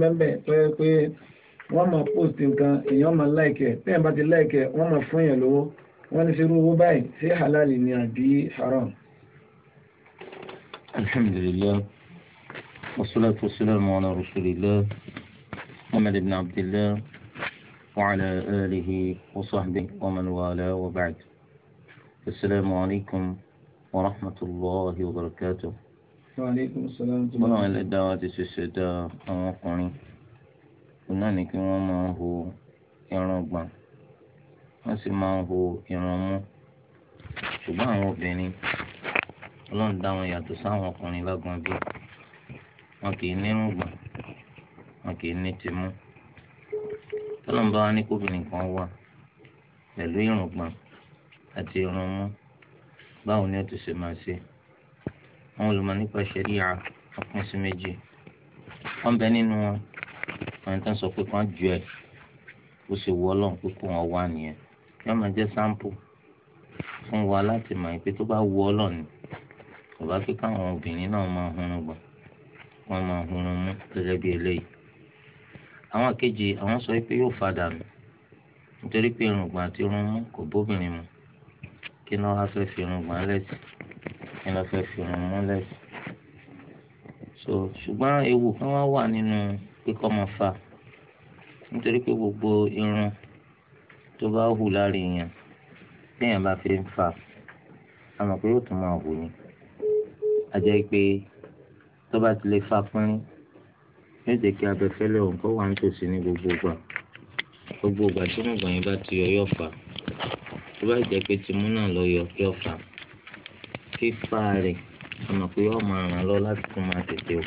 mẹ́mẹ́ tó yẹ pé wọ́n máa post nǹkan èèyàn máa like ẹ̀ tẹ́yìn bá ti like ẹ̀ wọ́n máa fún yẹn lówó wọ́n ní sírú owó báyìí ṣé halal ni àbí haram. alhamdulilayi wasalaatu wasalaamu ala rasulillah muhammad ibn abdillah wa ala alihi wa sahbihi wa man wala wa ba'd. asalaamu alaykum wa rahmatulahi wa barakatuh. bọ́lá wọn lè dá wa ti ṣẹ̀ṣẹ̀ dá àwọn ọkùnrin òun náà ni kí wọ́n máa ń ho irun gbọ̀n wọ́n sì máa ń ho irun mú ṣùgbọ́n àwọn obìnrin ọlọ́run dá wọn yàtọ̀ sáwọn ọkùnrin lágbọ́n bí wọn kì í nírun gbọ̀n wọn kì í ní tìmú tọ́lọ́n bá wa ní kóbìnrin kan wà pẹ̀lú irun àti irun mú báwo ni ó ti ṣe máa ṣe àwọn olùmọ̀ nípa ṣẹ̀ríà ọ̀pọ̀ sí méjì wọ́n bẹ nínú àwọn tó ń sọ pé kàn jù ẹ̀ ó sì wọ́ ọlọ́run pé kó wọn wá nìyẹn yóò máa jẹ́ sampo fún wa láti mọ̀ pé tó bá wọ́ ọlọ́run kò bá kí káwọn obìnrin náà máa hunrun gbọ̀n wọ́n máa hunrun mú gẹ́gẹ́ bí eléyìí àwọn kejì àwọn sọ pé yóò fa dànù nítorí pé irùngbọ̀n àti irun mú kò bóbìnrin mu kí náà wá fẹ́ fi irùngbọ̀n lẹ́sìn ẹ lọ fẹ́ fi hàn mọ́lẹ̀ sí so ṣùgbọ́n ewu kan wá wà nínú kíkọ́ máa fà nítorí pé gbogbo irun tó bá hù lára èèyàn téèyàn bá fi ń fà á mọ̀ pé yóò tún máa hù ni a jẹ́ pé tó bá ti lè fà pínrín yóò jẹ́ kí abẹ́fẹ́lẹ́ òun kó wà nítòsí ní gbogbo ìgbà gbogbo ìgbà tí mo gbọ̀nyìn bá ti yọ yọ̀ fà tó bá jẹ́ pé tìmú náà lọ yọ yọ̀ fà fífa rẹ̀ ọ̀nà pé yóò máa ràn lọ láti tún máa tètè wò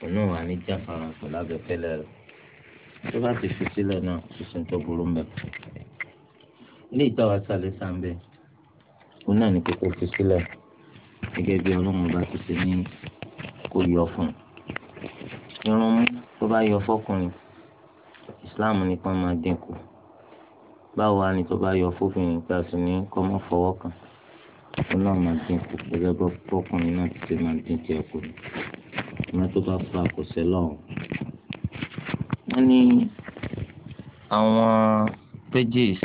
òun náà wà ní jáfara pẹ̀lú abẹ́fẹ́lẹ́ rẹ̀ tó bá ti fi sílẹ̀ náà sísun tó burú mbẹ́. ilé ìtawà sàlẹ̀ sàmbẹ́ òun náà ní kókó fi sílẹ̀ gẹ́gẹ́ bí ọlọ́run bá ti ṣe ní kó yọ fún un. irun mú tó bá yọ fọkùnrin ìsìláàmù nípa máa dínkù báwo wá ni tó bá yọ fófin ìgbà sí ní kọ́mọ́ fọwọ́ kàn ọlọ́run máa dín kù gẹ́gẹ́ bọ́ pọ́kùnrin náà ti ṣe máa dín tiẹ̀ kù ní ọmọ tó bá fa àkọsẹ́ lọ́hùn. wọ́n ní àwọn pages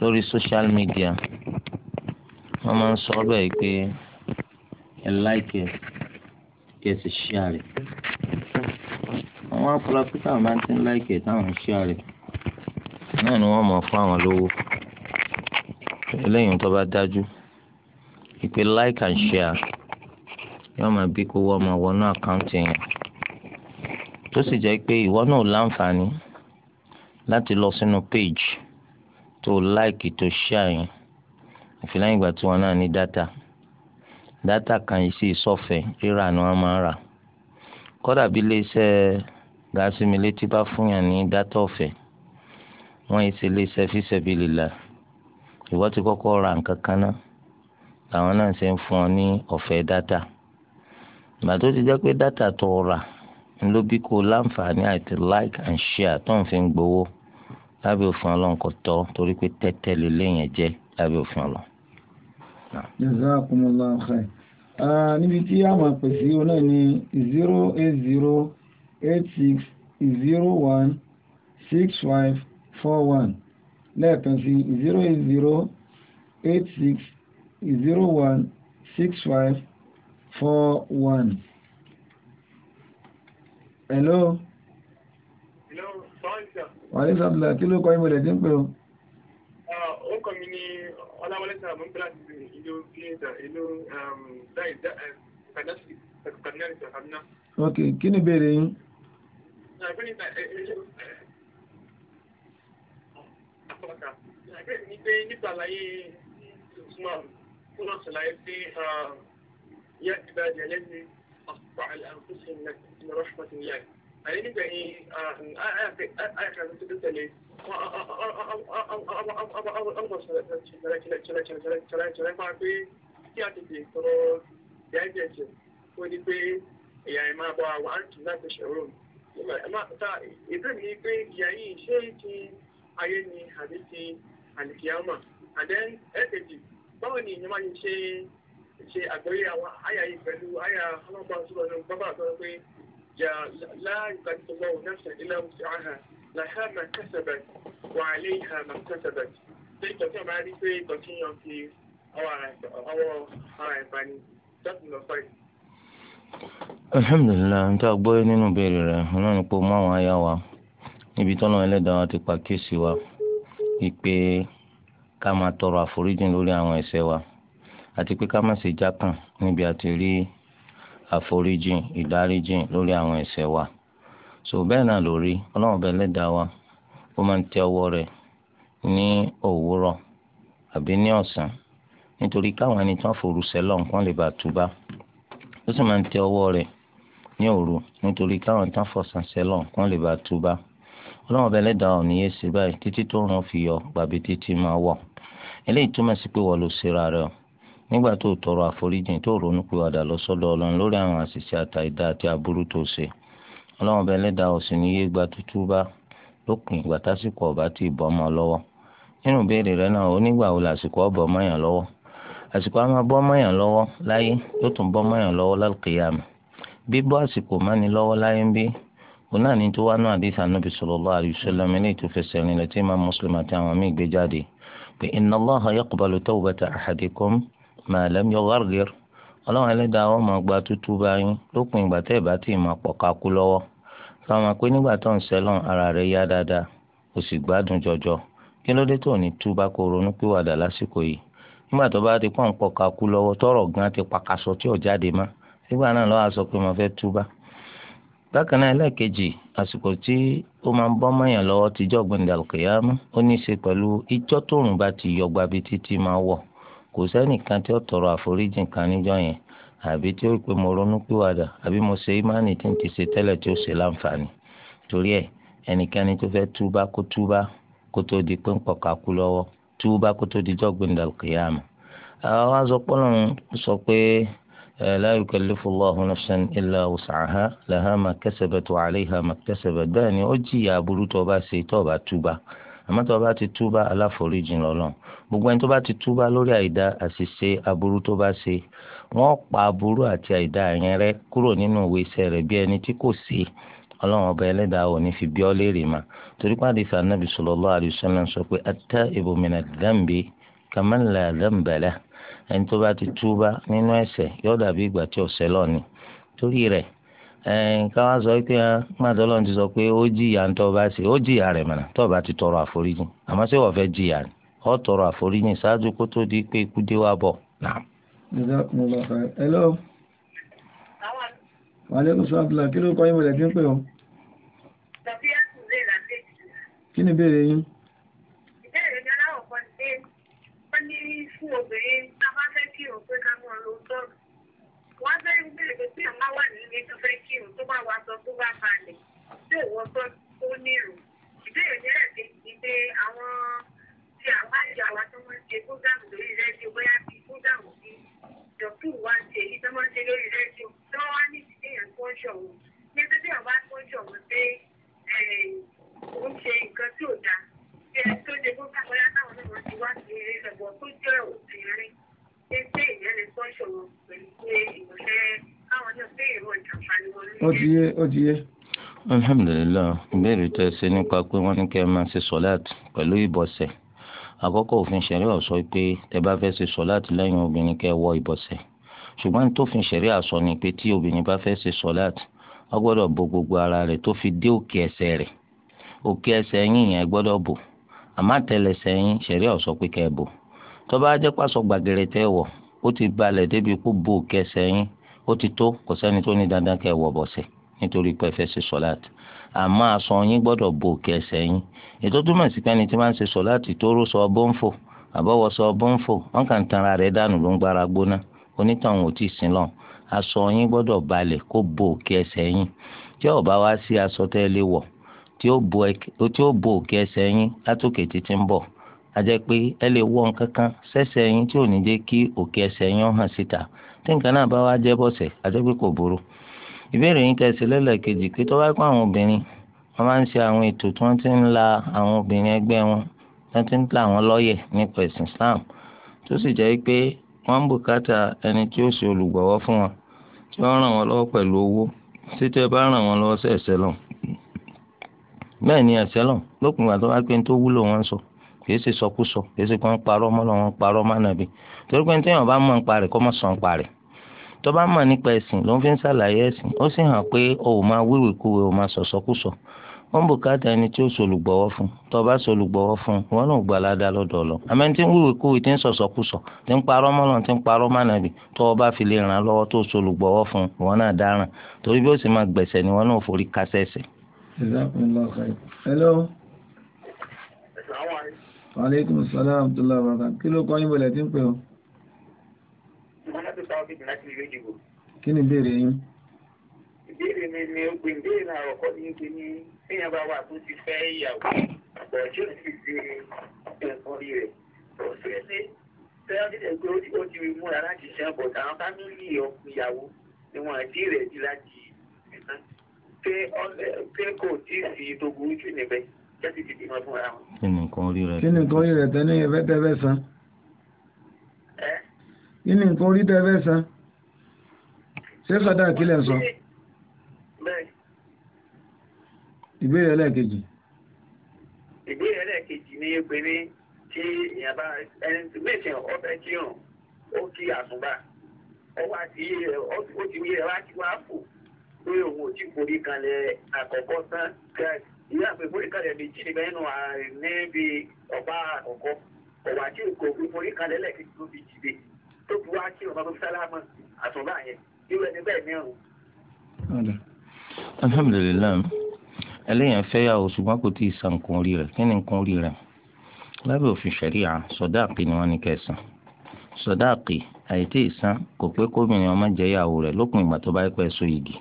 lórí social media wọ́n máa ń sọ bẹ́ẹ̀ pé ẹ láìkẹ́ kẹ́ ẹ sì ṣíàrẹ̀. àwọn apọlọpítà máa ń ti ń láìkẹ́ táwọn ń ṣíàrẹ̀ náà ni wọ́n mọ̀ fún àwọn lówó eléyìí tó bá dájú ìpè like and share yóò máa bí kó wọ́n máa wọnú àkáǹtì yẹn tó sì jẹ́ pé ìwọ náà láǹfààní láti lọ sínú page tó like tó share yẹn ìfìlẹ́yìn ìgbà tí wọ́n náà ní data data kan yìí sì sọ̀fẹ́ rírà ni wọ́n máa rà kódà bí iléeṣẹ́ gaasi mi létí bá fún yàn ní data ọ̀fẹ́ wọ́n yìí ṣe iléeṣẹ́ fíṣẹ̀bìlì la ìwọ ti kọ́kọ́ ra nǹkan kan náà làwọn náà ṣe ń fún ọ ní ọ̀fẹ́ dátà ìgbà tó ti jẹ́ pé dátà tó rà ń ló bí kó láǹfààní àti like and share tó ń fi ń gbowó lábẹ́ òfin ọlọ́run kò tọ́ torí pé tẹ́tẹ́ lélẹ́yìn ẹ̀ jẹ́ lábẹ́ òfin ọlọ́run. jazakumullahu khair níbi tí a máa pè sí ọ̀nà ni zero eight zero eight six zero one six five four one lẹ́ẹ̀kan sí zero eight zero eight six zero one six five four one. hello. hello sọ́ọ̀tà. wàhálà ìsàbùlà kí ló kọ́ ìmọ̀ rẹ̀ tí ń pè ó. ó kọ́ mi ní ọláwọlé sábà ń bẹ̀rẹ̀ àti ìlú kíyèsà ìlú kàdáṣì kàdáṣì kàdáṣì. ok kí ni ìbéèrè yín. àpọ̀ta ah, àgbẹ̀ mi eh, eh, eh, ah, ah, pé nípa àlàyé usman kúrò ṣàlàyé pé yá ìbàdí ẹlẹ́ni ọ̀pọ̀ àlàǹkóṣe ní rọ́ṣpọ̀tì ní àyè. àyè nígbà yìí àyàkà tó báwo ni ìyẹn máa ń ṣe ṣe àgbẹ̀rí àwọn àyà yìí pẹ̀lú àyà ọlọ́gbà ọ̀ṣun ọ̀nà bábà sọ pé yà láàyùká tó lọ òun náà ṣẹ̀dí lẹ́wọ̀n sí àhà làhà mà kẹsẹ̀bẹ̀ wà lé ìhà mà kẹsẹ̀bẹ̀ ṣé ìtọ́jú àbá rí pé ìtọ́jú yàn fi àwọn ara ẹ̀fà ni dọ́kùn lọ fẹ́. alhamdulilayi n ta gbọ́ nínú ìbéèrè rẹ̀ ọ̀nà nípò mọ́ àwọn àyà wa níbi tọ́lọ́ ẹlẹ́dàá ti pa wa ìpè ká máa tọrọ àforíjìn lórí àwọn ẹ̀ṣẹ̀ wa àti pé ká má ṣe jákàn níbi àti rí àforíjìn ìdáríjìn lórí àwọn ẹ̀ṣẹ̀ wa so bẹ́ẹ̀ náà lórí ọlọ́run bẹ́ẹ̀ lẹ́dàá wa ó máa ń tẹ ọwọ́ rẹ̀ ní òwúrọ̀ àbí ní ọ̀sán nítorí káwọn ẹni tó ń forùsẹ́ lọ nǹkan lè bá túbá ó sì máa ń tẹ ọwọ́ rẹ̀ ní òru nítorí káwọn tó ń fọ̀sán sẹ́lọ̀ nǹkan lè bá túbá ọlọ́run ọbẹ̀ lẹ́dàá ò ní yé ṣe báyìí títí tó ràn fi yọ gbàbí títí máa wọ̀ eléyìí túmọ̀ sí pé wọ́n ló ṣera rẹ o nígbà tó tọrọ àforíjìn tó ronú pé wàdà lọ sọ́dọ̀ ọlọ́run lórí àwọn àṣìṣe àtàìdá àti aburú tó ṣe ọlọ́run ọbẹ̀ lẹ́dàá ò sì ní yé gba tútú bá lópin ìgbà tásìkò ọ̀bá tí ìbọn mọ́ lọ́wọ́ nínú ìbéèrè rẹ náà ó nígbà wo làsìkò ọ̀bọ̀ mọ́yàn lọ́wọ́ àsìkò á máa lọ́wọ́ láyé yóò tún bọ́ lọ́wọ́ lálùkìyàmù bíbọ́ àsìkò mọ́ni lọ́wọ́ láyé ń bí òun náà ní tó wá náà àdìsí ànábì sallallahu alaihi wasallam ní ìtòfẹsẹ̀ rìn lẹ́tí Imam Muslim àti àwọn míì gbé jáde pé inna Allaha yaqbalu tawbata ahadikum ma lam yughargir ọlọ́run ẹlẹ́dàá wọn máa gba tútú báyìí lópin ìgbà tẹ́ ẹ̀ bá tì máa pọ̀ kakú lọ́wọ́ fáwọn pé nígbà tó ń sẹ́lọ̀n ara rẹ̀ yá dáadáa kò sì gbádùn jọjọ kí ló dé tó ní túbá kó ronú pìwàdà lásìkò yìí nígbà tó bá ti pọ̀ ń pọ̀ kakú lọ́wọ́ tọ́rọ̀ gan ti pàkàṣọ tí ò jáde mọ́ nígbà náà lọ́wọ́ a sọ pé mo fẹ́ túbá bákan náà ẹlẹ́ẹ̀kejì àsìkò tí ó máa ń bọ́ mọ́yàn lọ́wọ́ tíjọ́ gbẹ̀ndàlùkìyàmú ó ní í ṣe pẹ̀lú ijọ́ bá ti yọ gbabi títí máa wọ̀ kò sẹ́nìkan tí ó tọrọ àforíjì kan níjọ́ yẹn àbí tí ó pé mo ronú pìwàdà àbí mo ṣe ìmánì tí n ti ṣe tẹ́lẹ̀ tí ó ṣe láǹfààní torí ẹ̀ ẹnikẹ́ni tó fẹ́ túbá kó túbá kó tó di pé ń pọ̀ka kú lọ́wọ́ túbá kó tó di لا يكلف الله نفسا إلا وسعها لها ما كسبت وعليها ما اكتسبت باني أجي يا برو توبا سي توبا توبا àmọ́ tó bá ti túbá aláforíjìn lọ́lọ́n gbogbo ẹni tó bá ti túbá lórí àìdá àṣìṣe aburú tó bá ṣe wọ́n pa aburú àti àìdá yẹn rẹ́ kúrò nínú ìwé iṣẹ́ rẹ̀ bí ẹni tí kò ṣe ọlọ́run ọba ẹlẹ́dàá ò ní fi bí ọ́ léèrè mà torí pàdé sànàbì sallallahu alaihi wasallam sọ pé at-taibu mina dhanbi kaman la dhanba lahu ẹni tó bá ti túbá nínú ẹ̀ṣẹ̀ yóò dàbí ìgbà tí ọ̀sẹ̀ lọ ni torí rẹ̀ káwá sọ pé gbàdọ́ lọ́n ti sọ pé ó jìyà ń tọ́ bá ṣe ó jìyà rẹ̀ mọ̀nà tó bá ti tọrọ àforíjì àmọ́ ṣé wọ́n fẹ́ jìyà ni ó tọrọ àforíjì ṣáájú kó tó di pé ikú dé wá bọ̀ náà. hello. wàlẹ́kùn sọ abdulá kí ló kọ́ yín wọlé kí n pè ọ́. kí ni ìbéèrè yín. ìbéèrè mi aláwọ̀ kan ṣe wọ́n ní fún obìnrin kírun pé ká mọ̀ ló tọ́lù wọ́n fẹ́ ń bèrè pé àwọn wà nílé tó fẹ́ kírun tó bá wà sọ tó bá balẹ̀ tó ìwọ sọ tó nírò ìbéèrè ní ẹ̀ẹ́dẹ́ ti àwọn tí àwọn àjọ àwa tó máa ń ṣe fúgàmù lórí rẹ́díò bóyá bíi fúgàmù bí dọ̀tú wa ń ṣe èyí tó máa ń ṣe lórí rẹ́díò tó wá ní ìdílé yẹn tó ń ṣọ̀wọ́ ní pé bí àwọn tó ń ṣọ̀wọ́ pé òun eh, ṣe nǹkan tí ò dáa bí ẹni tó ṣe fúgàmù bóyá táwọn náà ti wá sí ilé rẹ̀ tó jẹ́ òbí rẹ̀ pé ìyẹn lè tọ́ ìṣòro pẹ̀lú pé ìmọ̀ṣẹ́ káwọn náà pé ìrọ̀ ìjàǹfààní wọn. ó ti yé ó ti yé alhamdulilayi ìbéèrè tẹ ṣe nípa pé wọn ní kí ẹ máa ṣe sọláàtì pẹ̀lú ìbọ̀sẹ̀ àkọ́kọ́ òfin ṣẹ̀rí ó sọ pé tẹ bá fẹ́ ṣe sọláàtì lẹ́yìn obìnrin kẹ́ wọ ìbọ̀sẹ̀ ṣùgbọ́n tófin ṣẹ̀rí àsọ ni pé tí obìnrin bá fẹ́ ṣe sọláàtì ó gbọ́dọ̀ bo gbogbo ara rẹ̀ tó fi dé òkè ẹsẹ̀ rẹ̀ òkè ẹsẹ̀ yín yẹn gbọ́dọ̀ bò àmọ́ àtẹ́lẹsẹ̀ yín ṣẹ̀rí ó pé kẹ́ bò tó bá jẹ́ pàṣọ gbàgẹ̀rẹ̀ tẹ́ wọ̀ ó ti balẹ̀ débi kó bo kẹsẹ̀ yín ó ti tó kò sẹ́ni tó ní dandan kẹ́ wọ̀ bọ̀sẹ̀ nítorí pé fẹ́ ṣe sọ̀láàtì àmọ́ aṣọ yín gbọ́dọ̀ bo kẹsẹ̀ yín ètò túmọ̀ sí pé ẹni tí máa ń ṣe sọ̀láàtì tó ró sọ bọ́ǹfò àbọ̀wọ̀sọ bọ́ǹfò wọn kàn ń tanra rẹ̀ dànù ló ń gbára gbóná onítàn ò tíì sin aṣọ yín gbọ́dọ̀ balẹ̀ kó bo òkè yín tí ó wá sí aṣọ tẹ́ wọ̀ tí ó bo òkè yín látòkè títí ń bọ̀ àjẹ́ pé ẹ lè wọ nǹkan kan sẹ́sẹ̀ yín tí ò ní jẹ́ kí òkè ẹsẹ̀ yín hàn síta tí nǹkan náà bá wá jẹ́ bọ̀sẹ̀ àjẹ́ pé kò burú. ìbéèrè yín tẹ̀sí lẹ́lẹ̀kejì pé tó bá kó àwọn obìnrin wọ́n máa ń ṣe àwọn ètò tí wọ́n ti ń la àwọn obìnrin ẹgbẹ́ wọn tí wọ́n ti ń la àwọn lọ́yẹ̀ nípa ẹ̀sìn Islam tó sì jẹ́ pé wọ́n ń bùkátà ẹni tí ó ṣe olùgbọ̀wọ́ fún wọn tí wọ́n ràn wọ́n lọ́wọ́ pẹ̀lú owó tí tẹ́ bá ràn wọ́n lọ́wọ́ sí ẹ̀sẹ̀ lọ. bẹ́ẹ̀ ni ẹ̀sẹ̀ lọ lópin ìgbà tó bá pé ní tó wúlò wọn sọ. So kìí ṣe sọkúsọ kìí ṣe kó ń parọ́ mọ́ lọ́wọ́ ń parọ́ mọ́ nàbí torí pé téèyàn bá mọ̀ mọ̀ sọ̀ tó bá mọ̀ nípa ẹ̀sìn ló ń fi ń ṣàlàyé ẹ̀sìn ó sì hàn pé o ò máa wíwì kúwe o máa sọ̀sọ́kúsọ wọ́n bùkátà ẹni tí ó ṣolùgbọ́wọ́ fún tó bá ṣolùgbọ́wọ́ fún wọn náà lọ́dọ̀ lọ àmọ́ ẹni tí ń wíwì tí ń parọ́ parọ́ mọ́ o bá fi lè ràn án lọ́wọ́ tó ṣolùgbọ́wọ́ fún wọn náà dáràn torí bí ó Wàhálẹ́kùn sọ́lá Abdullá Bàbá. Kí ló kọ́ yín bọ̀lẹ̀ tí ń pè ọ́? Mọ́nàtò Sáwọ́dì láti ìlú Èjìgbò. Kí ni ìbéèrè yín? Ìbéèrè mi ni ó gbé ìbéèrè náà ọ̀kọ́ ní kí ni èèyàn bá wà tó ti fẹ́ ìyàwó ọ̀pọ̀ tí ó sì di ẹ̀kọ́ rí rẹ̀. Ó ṣe é ṣe tẹ́lẹ̀ tẹ́lẹ̀ pé ó ti rí múra láti ṣe ọ̀pọ̀ táwọn fámìlì ìyàwó ni wọ́n àti rẹ̀ di láti ṣe kò tí ì sí tó burú jù níbẹ̀ tẹ́sí ti bímọ fún ara wọn. kí ni nǹkan orí rẹ. kí ni nǹkan orí rẹ tẹ́ ní ẹ̀fẹ́ tẹ́fẹ́ san. kí ni nǹkan orí tẹ́fẹ́ san. ṣé sọdá àkílẹ̀ sọ. ìbéèrè ẹlẹ́ẹ̀kejì. ìbéèrè ẹlẹ́ẹ̀kejì ni pé ní kí ìyàbá ẹni tí méjì ọbẹ̀ kírun ó kí àtúbà ó wá ti yé ó ti yé ẹ wá ti wá fò pé òun ò tí kò rí kalẹ̀ àkọ́kọ́ tán kẹ́ẹ̀sì ìwé àpèfórí kalẹ̀ méjì nígbà nínú ààrẹ níbi ọba àkọ́kọ́ ọ̀wà tí kò fi forí kalẹ̀ lẹ́ẹ̀kí tó fi jìde tó fi wá kí ọba tó sálámà àtúnbà yẹn irú ẹni bẹ́ẹ̀ ní ọ̀run. alhamdulilayi ẹlẹ́yìn afẹ́yàwó ṣùgbọ́n kò tí ì san nǹkan orí rẹ̀ kí ni nǹkan orí rẹ̀ lábẹ́ òfin ṣẹ̀ríà sọ̀dáàkì ni wọ́n ní kẹsàn sọ̀dáàkì àìtí ìsan kò pé kómìnira ọmọ jẹ́yàwó rẹ̀ lópin ìgbà tó bá pẹ́ so igi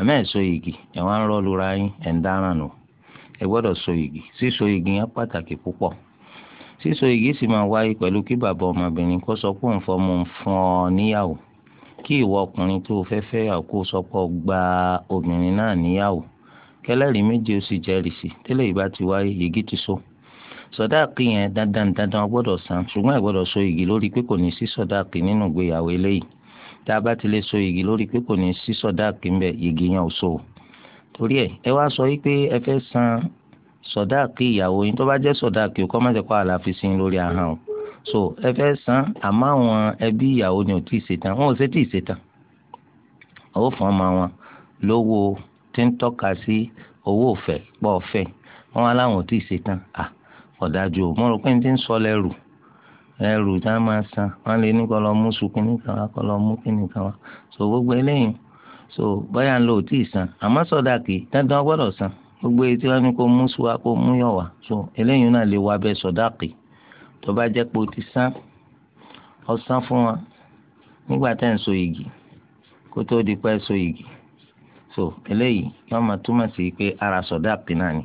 àmọ́ ẹ̀ so igi ẹ̀ wá ń rọ́ọ̀lù ra yín ẹ̀ ń dáràn nù ẹ gbọ́dọ̀ so igi síso igi yẹn pàtàkì púpọ̀ síso igi sì máa wáyé pẹ̀lú kí bàbá ọmọbìnrin kó sọ pé òun fọ́ mo ń fún ọ níyàwó kí ìwọ ọkùnrin tó fẹ́ fẹ́ yà kó sọ pé ọ gba obìnrin náà níyàwó kẹlẹ́rìí méje ó sì jẹ́rìí tẹ́lẹ̀ ìbá ti wáyé igi ti so sọdáàkì yẹn dandan dandan ó san ṣùgbọ́n ẹ gbọ́dọ̀ so igi lórí pé kò ní sí sọdáàkì nínú ìgbéyàwó eléyìí tá a bá ti lè so yìgì lórí pé kò ní sí sọdáàkì ń yẹn ò so torí ẹ ẹ wá sọ wípé ẹ fẹ́ san sọdáàkì ìyàwó yín tó bá jẹ́ sọdáàkì ò kọ́ má jẹ́ kó àlàáfíà sí yín lórí ahọ́n o so ẹ fẹ́ san àmọ́ àwọn ẹbí ìyàwó ni ò tí ì ṣetán wọn ò ṣe tí ì ṣetán owó fún ọmọ wọn lówó tí ń tọ́ka sí owó ọ̀fẹ́ pọ̀ ọ̀fẹ́ wọn aláwọn ò tí ì ṣetán à o mo rò pé n ti ń sọ lẹ́rù ẹrù tá a máa san wọn lè ní kọ́ lọ mú sùn kínní kan wá kọ́ lọ mú kínní kan wá so gbogbo eléyìí so bóyá ń lò ó tí ì san àmọ́ sọ̀dáàkì dandan gbọ́dọ̀ san gbogbo èyí tí wọ́n ní kó mú sùn wá kó mú yàn wá so eléyìí náà lè wá bẹ́ sọ̀dáàkì tó bá jẹ́ pé o ti san ọ san fún wa nígbà tẹ́ ń so igi kó tó di pẹ́ so igi so eléyìí wọ́n máa túmọ̀ sí pé ara sọ̀dáàkì náà ni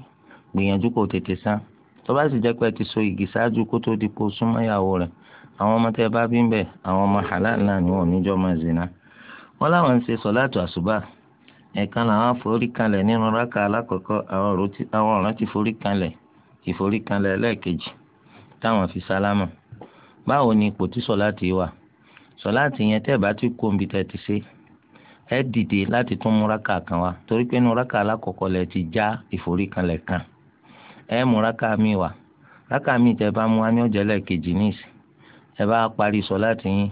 gbìyànjú kó tètè san tó bá sì jẹ́ pé ẹ ti so igi ṣáájú kó tó di kó súnmọ́ ìyàwó rẹ̀ àwọn ọmọ tẹ́ bá bí ń bẹ̀ àwọn ọmọ halal náà ni wọn ò níjọ́ máa zina wọn láwọn ń ṣe sọ̀láàtù àṣùbà ẹ̀ẹ̀kan làwọn forí kanlẹ̀ nínú rákà alákọ̀ọ́kọ́ àwọn ọ̀ràn ti forí kanlẹ̀ ìforí kanlẹ̀ ẹlẹ́ẹ̀kejì táwọn fi sálámà báwo ni ipò tí sọ̀láàtì wà sọ̀láàtì yẹn tẹ́ bá ti kó omi tẹ́ ti ṣe ẹ dìde láti tún mú rákà kan wá torí pé inú rákà alákọ̀ọ́kọ́ lẹ ti já ìforí kanlẹ̀ kan ẹ mú raka mi wá raka mi tẹ bá mú wa ní ọjọ́ lẹ́ẹ̀kejì níìsì ẹ bá parí sọ̀láàtì yín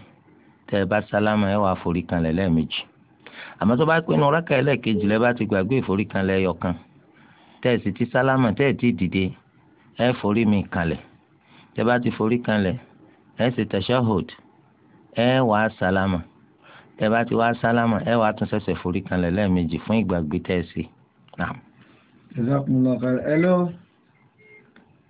tẹ ẹ bá sálámà ẹ wá forí kanlẹ̀ lẹ́ẹ̀mejì àmọ́ tó bá pé nu raka ẹlẹ́ẹ̀kejì lẹ bá ti gbàgbé ìforí kanlẹ̀ ẹyọkan tẹ sì ti sálámà tẹ ẹ ti dìde ẹ forí mi kanlẹ̀ tẹ bá ti forí kanlẹ̀ ẹ sì tashahhud ẹ wá sálámà tẹ bá ti wá sálámà ẹ wá tún ṣẹ̀ṣẹ̀ forí kanlẹ̀ lẹ́ẹ̀mejì fún ìgbàgbé tẹ ẹ sí. Hello.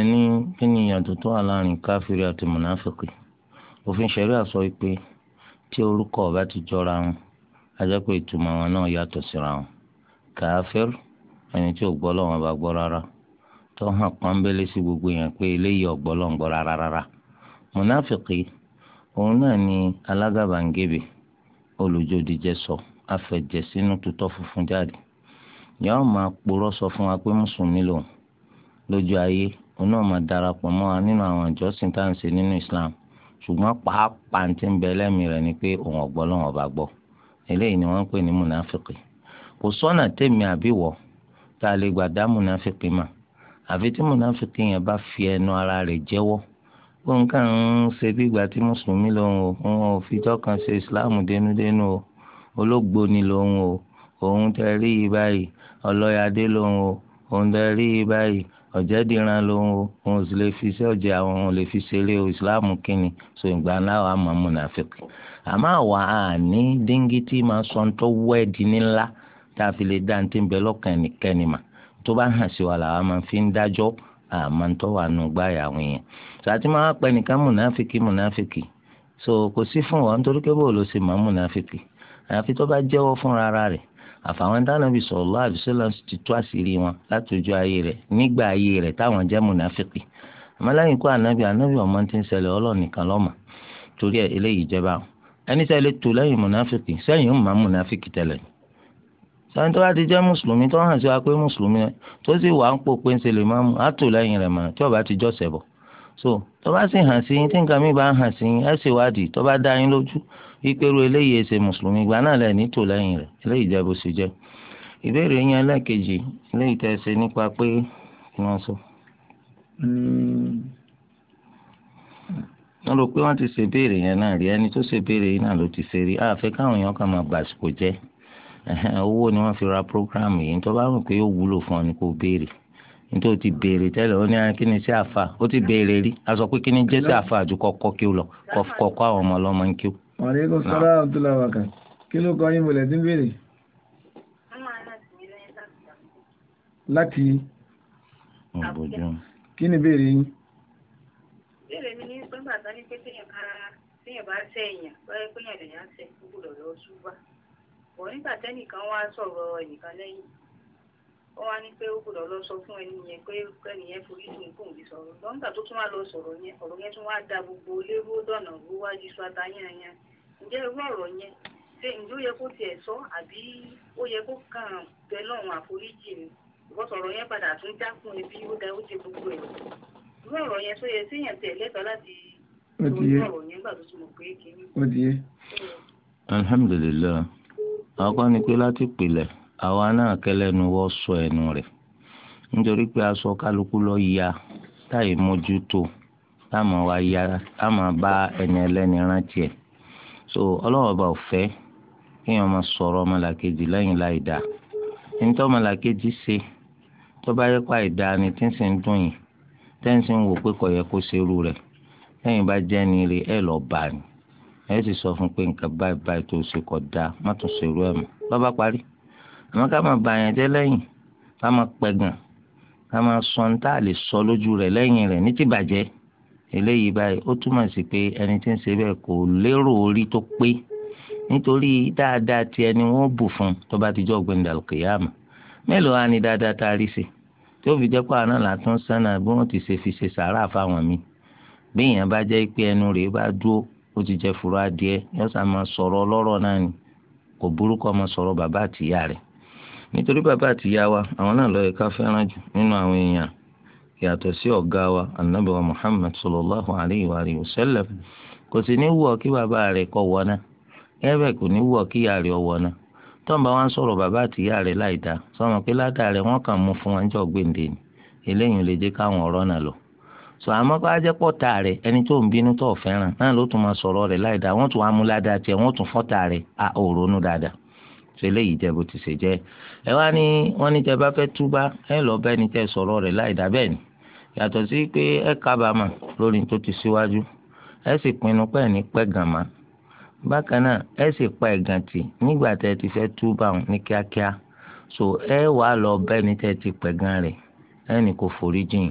ẹni kí ni ìyàtọ̀ tó wà láàrin káfíìrì àti mùnáfíkì òfin ṣẹ̀rí àsọ pé tí orúkọ ọba ti jọra wọn ajẹ́pẹ́ ìtumọ̀ wọn náà yàtọ̀ síra wọn kàáfíìr ẹni tí ò gbọ́ lọ́wọ́ bá gbọ́ rárá tó gbogbo yẹn pé eléyìí ọ̀gbọ́ gbọ́ rárá rárá òun náà ni tutọ́ funfun jáde yàrá máa sọ fún wa pé mùsùlùmí lòun lójú ayé òun náà máa darapọ̀ mọ́ wa nínú àwọn ìjọsìn tá à ń ṣe nínú Islam ṣùgbọ́n pàápàá ti ń bẹ lẹ́mìí rẹ̀ ni pé òun ọ̀gbọ́ lọ́wọ́ ọba gbọ́ eléyìí ni wọ́n ń pè ní múnáfìkì kò sọ́nà tèmi àbíwọ̀ tá a lè gbà dá múnáfìkì mà àfi tí múnáfìkì yẹn bá fi ẹnu ara rẹ̀ jẹ́wọ́ bó ń kàn ń ṣe bí ìgbà tí mùsùlùmí lòun o òun ò fi tọ́kàn ṣe Islam dénúdénú o olóògbò ni lòun o òun tẹ rí i báyìí ọlọ́yàdé lòun o òun tẹ rí i báyìí ọ̀jẹ̀ dìran lòun o òun sì lè fi iṣẹ́ ọ̀jẹ̀ àwọn òun lè fi ṣeré o islam kínni so ìgbà aláwọ̀ àmọ́ múnafik àmọ́ àwa àní díngí tí máa sọ tó wẹ́ẹ̀dì nílá tá a fi lè dá ní bẹ lọ́kàn ẹnikẹ́ni mà tó bá hàn sí wa làwa máa fi ń dájọ́ àmọ́ tó wà nù gbáyà àwọn èèyàn sàtí máa pẹ́ nìkan múnafik múnafik so kò sí fún wa nítorí pé bó ló ṣe máa múnafik àfi tó bá jẹ́wọ́ fúnra rẹ̀ àfàwọn dáná bíi sallallahu alaihi wasallam ti tú àṣírí wọn láti ojú ayé rẹ̀ nígbà ayé rẹ̀ táwọn jẹ́ mùnàfíkì àmọ́ lẹ́yìn ikú ànábì ànábì ọmọ ti ń ṣẹlẹ̀ Ọlọ́run nìkan ló mọ̀ torí ẹ̀ eléyìí jẹba ẹni tẹ́lẹ̀ tó lẹ́yìn mùnàfíkì sẹ́yìn ó mọ̀ mùnàfíkì tẹ́lẹ̀ sọ́ni tó bá ti jẹ́ mùsùlùmí tó hàn sí wa pé mùsùlùmí rẹ̀ tó sì wà ń pò pé ń ṣe lè máa mú àtò lẹ́yìn rẹ̀ mọ̀ tí ọba ti jọ́sẹ̀ bọ̀ so tó bá sì hàn sí yín tí nǹkan mi bá hàn sí yín ẹ̀ ìpẹ́rù eléyìí ẹsẹ̀ mùsùlùmí gba náà lẹ̀ ní tò lẹ́yìn eléyìí jẹ́ bó ṣe jẹ́ ìbéèrè yẹn ẹlẹ́ẹ̀kejì eléyìí tẹ́ ẹ nípa pé kí sọ. Hmm. rò pé ti ṣe béèrè yẹn náà rí ẹni tó ṣe béèrè yìí náà ló ti ṣe rí káwọn èèyàn kan máa gbàsìkò ni fi ra program yìí tó bá rò pé fún ọ o ti béèrè ó ní ah, kí ni sí àfa ti béèrè rí a sọ pé ni sí àfa lọ kọ àwọn ọmọ ń Wàlékún sọ́lá Abdullahi Waka. Kí ló kọ yín bọ̀lẹ̀ tí ń béèrè? Láti. Ọ̀bọ̀jọ́. Kí ni béèrè yín? Béèrè mi ní pé bàtà ní pé téèyàn kára téèyàn bá tẹ èèyàn lọ́yẹ́ pé èèyàn lèèyàn tẹ gbogbo lọ́ọ́ ṣúgbà. Bọ̀ nígbà tẹ́nìkan wá sọ̀rọ̀ ẹnìkan lẹ́yìn ó wá ní pé ó gbọ́dọ̀ lọ sọ fún ẹni yẹn pé ẹni yẹn forí sí nǹkan òbí sọ̀rọ̀ lọ́ńtà tó tún wá lọ sọ̀rọ̀ yẹn ọ̀rọ̀ yẹn tún wá da gbogbo lérò dọ̀nà ó wá di sọ́ta yẹn yẹn ǹjẹ́ irú ọ̀rọ̀ yẹn ṣé ǹjẹ́ ó yẹ kó tiẹ̀ sọ àbí ó yẹ kó kàn bẹ lọ́rùn àforíjì ni ìwọ sọ̀rọ̀ yẹn padà tún já fún ẹbí ó da ó ti gbogbo ẹ̀ irú ọ̀rọ̀ yẹn tó yẹ séèyàn tẹ̀ lẹ́tọ̀ọ́ láti ọ̀rọ̀ yẹn gbà tó tún mọ̀ pé kìíní. àwa náà kẹlẹ́nu wọ́ sọ ẹnu rẹ̀ nítorí pé aṣọ kálukú lọ ya táyì mójútó wa ya táàmù bá ẹni ẹlẹ́ni rántí ẹ̀ so ọlọ́wọ́ bá fẹ́ kéèyàn máa sọ̀rọ̀ ọmọlàkejì lẹ́yìn láì nítorí ọmọlàkejì ṣe tó bá yẹ ni tí ń sì ń dùn yìí tẹ́ ń sì ń wò pé kò yẹ kó ṣerú rẹ̀ lẹ́yìn ni rè ẹ̀ lọ́ọ́ bá ni ẹ̀ sì sọ fún pé nǹkan báyìí báyìí tó ṣe àmọ́ ká máa bàyàn jẹ́ lẹ́yìn ká máa pẹ̀gàn ká máa sọ ní tá a lè sọ lójú rẹ̀ lẹ́yìn rẹ̀ ní ti bàjẹ́ eléyìí báyìí ó túmọ̀ sí pé ẹni tí ń ṣe bẹ́ẹ̀ kò lérò orí tó pé nítorí dáadáa tiẹ̀ ni wọ́n bù fún tó bá ti jọ́ gbẹ̀ndàlùkìyàmù mélòó á ní dáadáa tá a rí sí tí ó fi jẹ́ pé àná làtún sánà bí wọ́n ti ṣe fi ṣe sàárà fáwọn míì bí èèyàn bá jẹ́ pé ẹnu rẹ̀ bá dúró ó ti jẹ́ fúra adìẹ yọ́sà máa sọ̀rọ̀ ọlọ́rọ̀ náà ni kò burúkọ máa sọ̀rọ̀ bàbá àtìyá rẹ̀ nítorí bàbá àti ìyá wa àwọn náà ló yẹ ká fẹ́ràn jù nínú àwọn èèyàn yàtọ̀ sí ọ̀gá wa anabi wa muhammad sallallahu alayhi wa alihi wa sallam kò sì ní wù ọ́ kí bàbá rẹ̀ kó wọná ẹ̀bẹ̀ kò ní wù ọ́ kí ìyá rẹ̀ wọná tọ́ǹbà wa ń sọ̀rọ̀ bàbá àti ìyá rẹ̀ láì dáa sọmọ pé ládàá rẹ̀ wọ́n kàn mú fún wọn jọ gbèǹde ni eléyìí lè jẹ́ káwọn ọ̀rọ̀ náà lọ sọ àmọ́ bá jẹ́ pọ̀tà rẹ̀ ẹni tó ń bínú tó fẹ́ràn náà ló tún máa sọ̀rọ̀ rẹ̀ láì dáa wọ́n tún amúládàá tiẹ̀ wọ́n tún fọ́tà rẹ̀ a ò dáadáa tó eléyìí jẹ́ bó ti ṣe jẹ́ ẹ wá ní wọ́n ní tẹ́ bá fẹ́ túbá ẹ lọ bẹ́ẹ̀ ni tẹ́ sọ̀rọ̀ rẹ̀ láì dá bẹ́ẹ̀ ni yàtọ̀ sí pé ẹ kábàámà lórí tó ti síwájú ẹ sì pinnu pẹ́ẹ́ ní pẹ́ gàmá bákan náà ẹ sì pa ẹ̀gàn tì nígbà tẹ́ ti fẹ́ túbà ní kíákíá so ẹ wà lọ bẹ́ẹ̀ ni tẹ́ ti pẹ̀gàn rẹ̀ ẹ ní kò forí jìn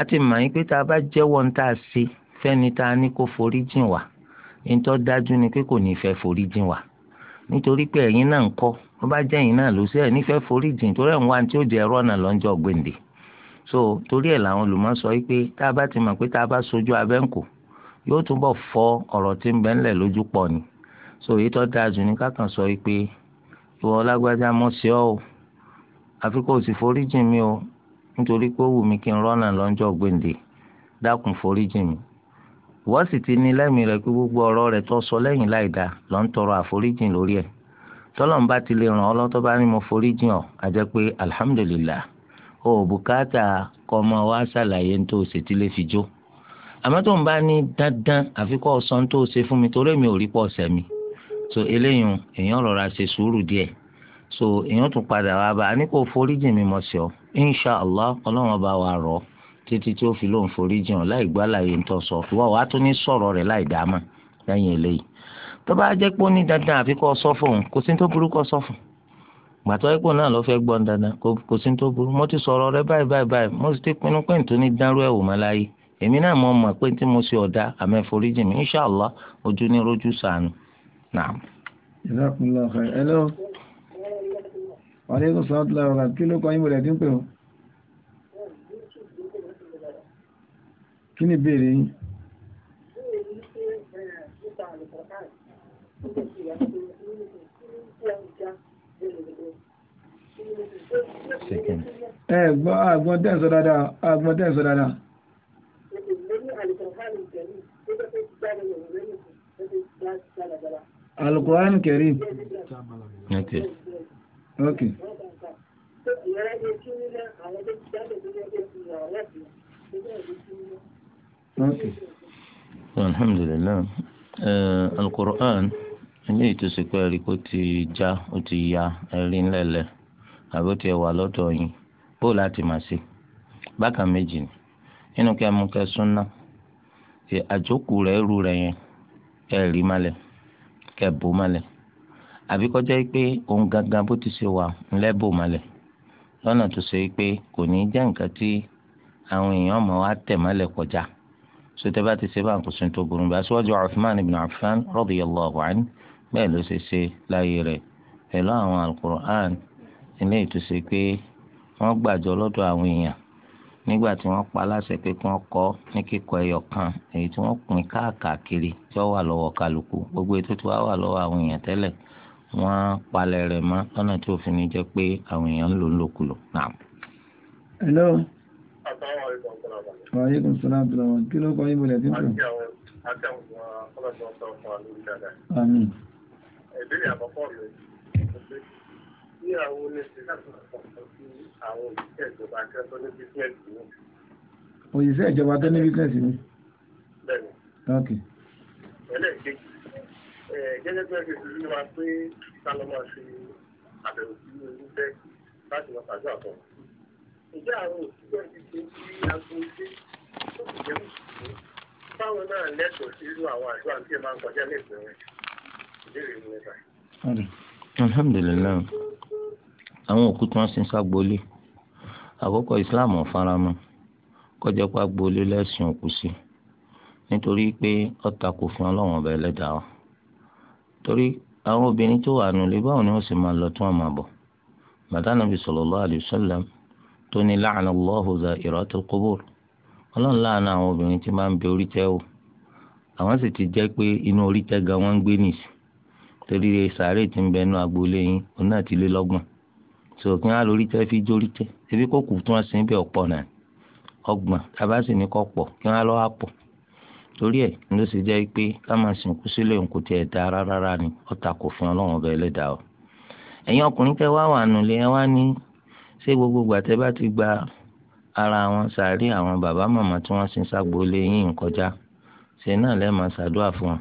a ti mọ̀ yín pé tá a bá jẹ́wọ́ ń tá a fẹ́ni tá a ní kó forí jìn wá ń tọ́ dájú ni pé kò ní fẹ́ forí jìn wá nítorí pé ẹ̀yin náà ń kọ́ ó bá jẹ́ ẹ̀yin náà ló ṣe ẹ̀ nífẹ̀ẹ́ forí jìn torí ẹ̀ ń wá tí ó jẹ́ ẹ̀rọ náà lọ́njọ́ gbèǹde so torí ẹ̀ làwọn olùmọ̀ sọ pé tá a bá ti mọ̀ pé tá a bá sojú abẹ́ǹkò yóò túbọ̀ fọ ọ̀rọ̀ tí ń bẹ ńlẹ̀ lójú pọ̀ ni so èyí tó dáa jù ní kákan sọ pé ìwọ lágbájá mọ̀ sí ọ́ o àfi kó o sì forí jìn mi o nítorí pé ó wù mí kí n rọ́nà lọ́njọ́ gbèǹde dákun forí jìn mi ìwọ sì ti ní lẹ́mìí rẹ pé gbogbo ọ̀rọ̀ rẹ tó sọ lẹ́yìn láì dáa lọ ń tọrọ àforíjìn lórí ẹ̀ tọ́lọ́n bá ti lè ràn ọ́ lọ́tọ́ bá ní mo foríjìn ọ́ a jẹ́ pé alihamudulilayi o ò bùkátà wa ṣàlàyé ní tó o ṣe lè fi jó àmọ́ tó ń bá ní dandan àfikọ́ ọ̀sán tó o ṣe fún mi torí mi ò rí pọ̀ ọ̀sẹ̀ so eléyìí èèyàn rọra ṣe sùúrù díẹ̀ so èèyàn tún padà wá bá a ní kó foríjìn mi mọ̀ sí ọ títí tí ó fi lóun forí jìn láì gbọ́ àlàyé sọ fún wa á tún ní sọ̀rọ̀ rẹ̀ láì dá mọ̀ lẹ́yìn eléyìí tó bá jẹ́ pé ó ní dandan àfi kó sọ fún òun kò sí tó burú kó sọ fún gbàtọ́ ipò náà ló fẹ́ dandan kò sí tó burú mo sọ̀rọ̀ rẹ báyìí báyìí báyìí mo ti pinnu pé nítorí ní dánrú ẹ̀wò mọ́ láyé èmi náà kí ni ìbéèrè yín. ẹ gbọ́ àgbọn tẹ́ ń sọ dáadáa àgbọn tẹ́ ń sọ dáadáa. alukur'an kẹrin. ok. okay. alhamdulilayi ẹẹ alukur'an ilé ìtòsíkọ ẹ̀rí ko ti já o ti ya ẹ̀rí ńlẹ̀lẹ̀ àbí ti wà lọ́dọ̀ yín bó láti máa ṣe bákan méjì ni nínú kí a mú kẹ súnná ṣe àjókù rẹ rú rẹ yẹn kẹ rí malẹ̀ kẹ bò malẹ̀ àbí kọjá pé òun gangan bó ti tó pé kò ní jẹ́ nǹkan tí sọtẹ́ bá ti ṣe bá nǹkan sun tó burú bá aṣíwájú Uthman ibn Affan radiyallahu anhu bẹ́ẹ̀ ló ṣe ṣe láyé rẹ̀ pẹ̀lú àwọn alukur'an ilé ìtúsí pé wọ́n gbàjọ lọ́dọ̀ àwọn èèyàn nígbà tí wọ́n pa aláṣẹ pé kí wọ́n kọ́ ní kíkọ ẹyọ kan èyí tí wọ́n pín káàkiri tí wọ́n wà lọ́wọ́ kálukú gbogbo ètò tí wọ́n wà lọ́wọ́ àwọn èèyàn tẹ́lẹ̀ wọ́n palẹ̀ rẹ̀ mọ́ lọ́nà tí òfin ní jẹ́ pé àwọn èèyàn ń lò ń lòkulò náà. Wàhálà sọ́lá àbúrà wọn. Kí ló kọ́ yín bọ̀lẹ̀ tí ń pè? Àti àwọn ọlọ́dún ọ̀sán fún wa lórí dáadáa. Àmín. Ìbéèrè àkọ́kọ́ mi ní àwọn oníṣẹ́ láti ọ̀pọ̀ sí àwọn òṣìṣẹ́ ìjọba akẹ́kọ̀ọ́ ní bísíǹsì mi ìjọ àwọn òṣìṣẹ́ ti ṣe sí agbóńdé tó sì jẹ́ ń sin ságbolé àkókò islam ọ̀faramọ́ kọjá pa gbolé lẹ́sìn òkú sí nítorí pé ọ̀tá kò fún ọlọ́wọ́n ọba ẹlẹ́dàá wa torí àwọn obìnrin tó wà nulẹ̀ báwo ni wọ́n sì máa lọ tí wọ́n máa bọ̀ bàtà nàbì sallallahu tó ní la'ana Allahu za'iratil qubur ọlọ́run láàánú àwọn obìnrin tí máa ń bẹ orí tẹ́ àwọn sì ti jẹ́ pé inú orí ga wọ́n ń gbé torí sàárè ti ń bẹnu agboolé yín òun náà ti lé lọ́gbọ̀n fi ebi kò kù tí wọ́n ọ̀pọ̀ náà ọgbọ̀n sì ní kọ́ pọ̀ kí wọ́n á lọ́ wá pọ̀ torí ẹ̀ ló sì jẹ́ pé ká máa sìnkú sílẹ̀ tiẹ̀ rárá ni ṣé gbogbo gbàtẹ́ bá ti gba ara àwọn sàárì àwọn bàbá màmá tí wọ́n sin ságbó lẹ́yìn kọjá ṣe náà lẹ́ẹ̀ máa ṣàdúrà fún wọn.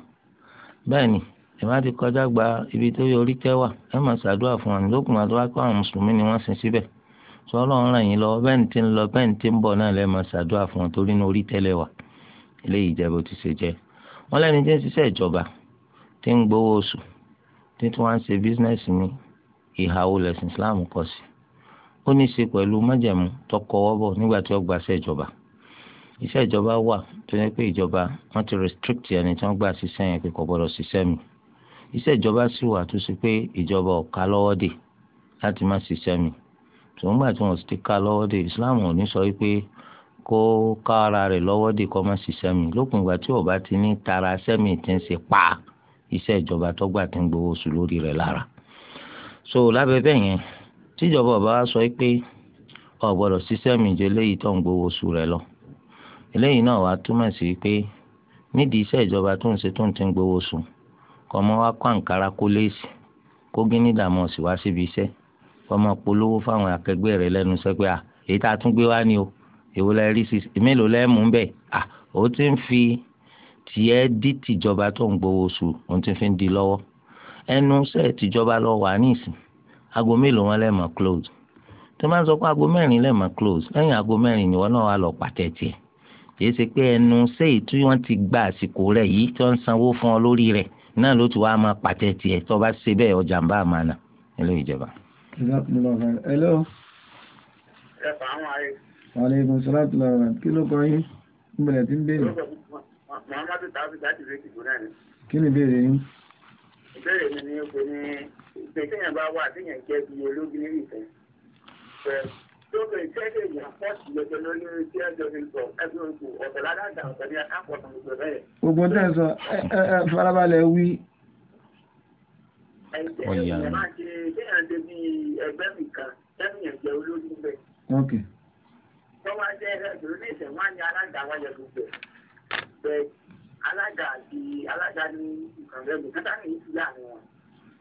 bẹ́ẹ̀ ni ẹ bá ti kọjá gba ibi tó yọ orí tẹ́wà ẹ máa ṣàdúrà fún wọn lókùn àti wákò àwọn mùsùlùmí ni wọ́n sin síbẹ̀ sọ ọlọ́run ràn yín lọ́wọ́ bẹ́ẹ̀ ti ń lọ bẹ́ẹ̀ ti ń bọ̀ náà lẹ́ẹ̀ máa ṣàdúrà fún wọn torí ní orí tẹ́lẹ̀ wà eléyìí jẹ́ bó ti ṣe jẹ́ wọ́n lẹ́ni jẹ́ ṣiṣẹ́ ìjọba tí ń gbowó oṣù tí wọ́n ń ṣe bísínẹ́sì ní ìhà olẹ̀sìn Islam kọ̀ sí i ó ní í ṣe pẹ̀lú májẹ̀mú tọkọwọ́bọ̀ nígbà tí ó gbàṣẹ́ ìjọba iṣẹ́ ìjọba wà tó yẹ pé ìjọba wọ́n ti restrict ẹni tí wọ́n gbà ṣiṣẹ́ yẹn pé kò gbọ́dọ̀ ṣiṣẹ́ mi iṣẹ́ ìjọba sì wà tó ṣe pé ìjọba ò ká lọ́wọ́ dè láti má ṣiṣẹ́ mi ṣùgbọ́n gbà tí wọ́n ti ká lọ́wọ́ dè Islam ò ní sọ pé kó ká ara rẹ̀ lọ́wọ́ dè kó má ṣiṣẹ́ mi lópin ìgbà tí ó ti ní tara sẹ́mi ti ń ṣe pa iṣẹ́ ìjọba tó gbà ti ń gbowó oṣù lórí rẹ̀ lára so lábẹ́ bẹ́ẹ̀ yẹn tíjọba ọba wa sọ pé o gbọ́dọ̀ ṣiṣẹ́ mi ju eléyìí tó ń gbowó oṣù rẹ lọ eléyìí náà wàá túmọ̀ sí pé nídìí iṣẹ́ ìjọba tó ń ṣe tó ń ti ń gbowó oṣù kọ́ mọ́ wá kó àǹkárá kó léèsì kó gíní dààmú ọ̀sìn wá síbi iṣẹ́ kọ́ mọ́ polówó fáwọn akẹgbẹ́ rẹ lẹ́nu iṣẹ́ pé à èyí tá a tún gbé wá ni o èwo la rí sí i mélòó lẹ́ mú bẹ́ẹ̀ à ó ti ń fi tiẹ́ dí tìjọba tó ń gbowó oṣù òun ti fi ń di lọ́wọ́ ẹnu iṣẹ́ tìjọba lọ wà nísìn aago mélòó wọn lẹ́ẹ̀mọ́ close tó máa ń sọ pé aago mẹ́rin lẹ́ẹ̀mọ́ close lẹ́yìn aago mẹ́rin ni wọ́n náà wà lọ pàtẹ́ tiẹ̀ kìí ṣe pé ẹnu sẹ́yìn tí wọ́n ti gba àsìkò rẹ̀ yìí tó ń sanwó fún ọ lórí rẹ̀ náà ló ti wá máa pàtẹ́ tiẹ̀ tó bá ṣe bẹ́ẹ̀ ọjà ń bá a máa nà ẹlò ìjọba. ẹlò. aleykum salaam tula ọ̀rọ̀ kí ló kọ yín níbẹ̀rẹ̀ tí ń béèrè. muhammadu tafi láti fèkì gbóná ni. kí ni ìbéèrè yín. ìbéèrè mi ni ó pe ní ìsìn téèyàn bá wà téèyàn jẹ́ bí ológun nínú ìsìn tóbi ìtẹ́lẹ̀ yẹn pọ́ọ̀sì lọ́jọ́ lórí tí ẹ jọ nípa ẹgbẹ́ oṣù ọ̀sẹ̀ ládàjà ọ̀sẹ̀ ní àkọ́tàn gbogbo bẹ́ẹ̀. gbogbo tẹ́ ẹ sọ ẹ ẹ farabalẹ̀ wí. ẹ̀jẹ̀ ìyẹn máa ṣe kéèyàn dé bí ẹgbẹ́ mi kan tẹ́mi ẹ̀jẹ̀ ológun bẹ́ẹ̀. ok. tọ́wọ́ jẹ́ ẹ̀sìn ní ìsìn wọn ni alága wa yẹ gbogbo bẹ́ẹ̀ alága àti alága ní ìkànnì ẹ̀gbọ́n kátà ní ìtúlẹ̀ àwọn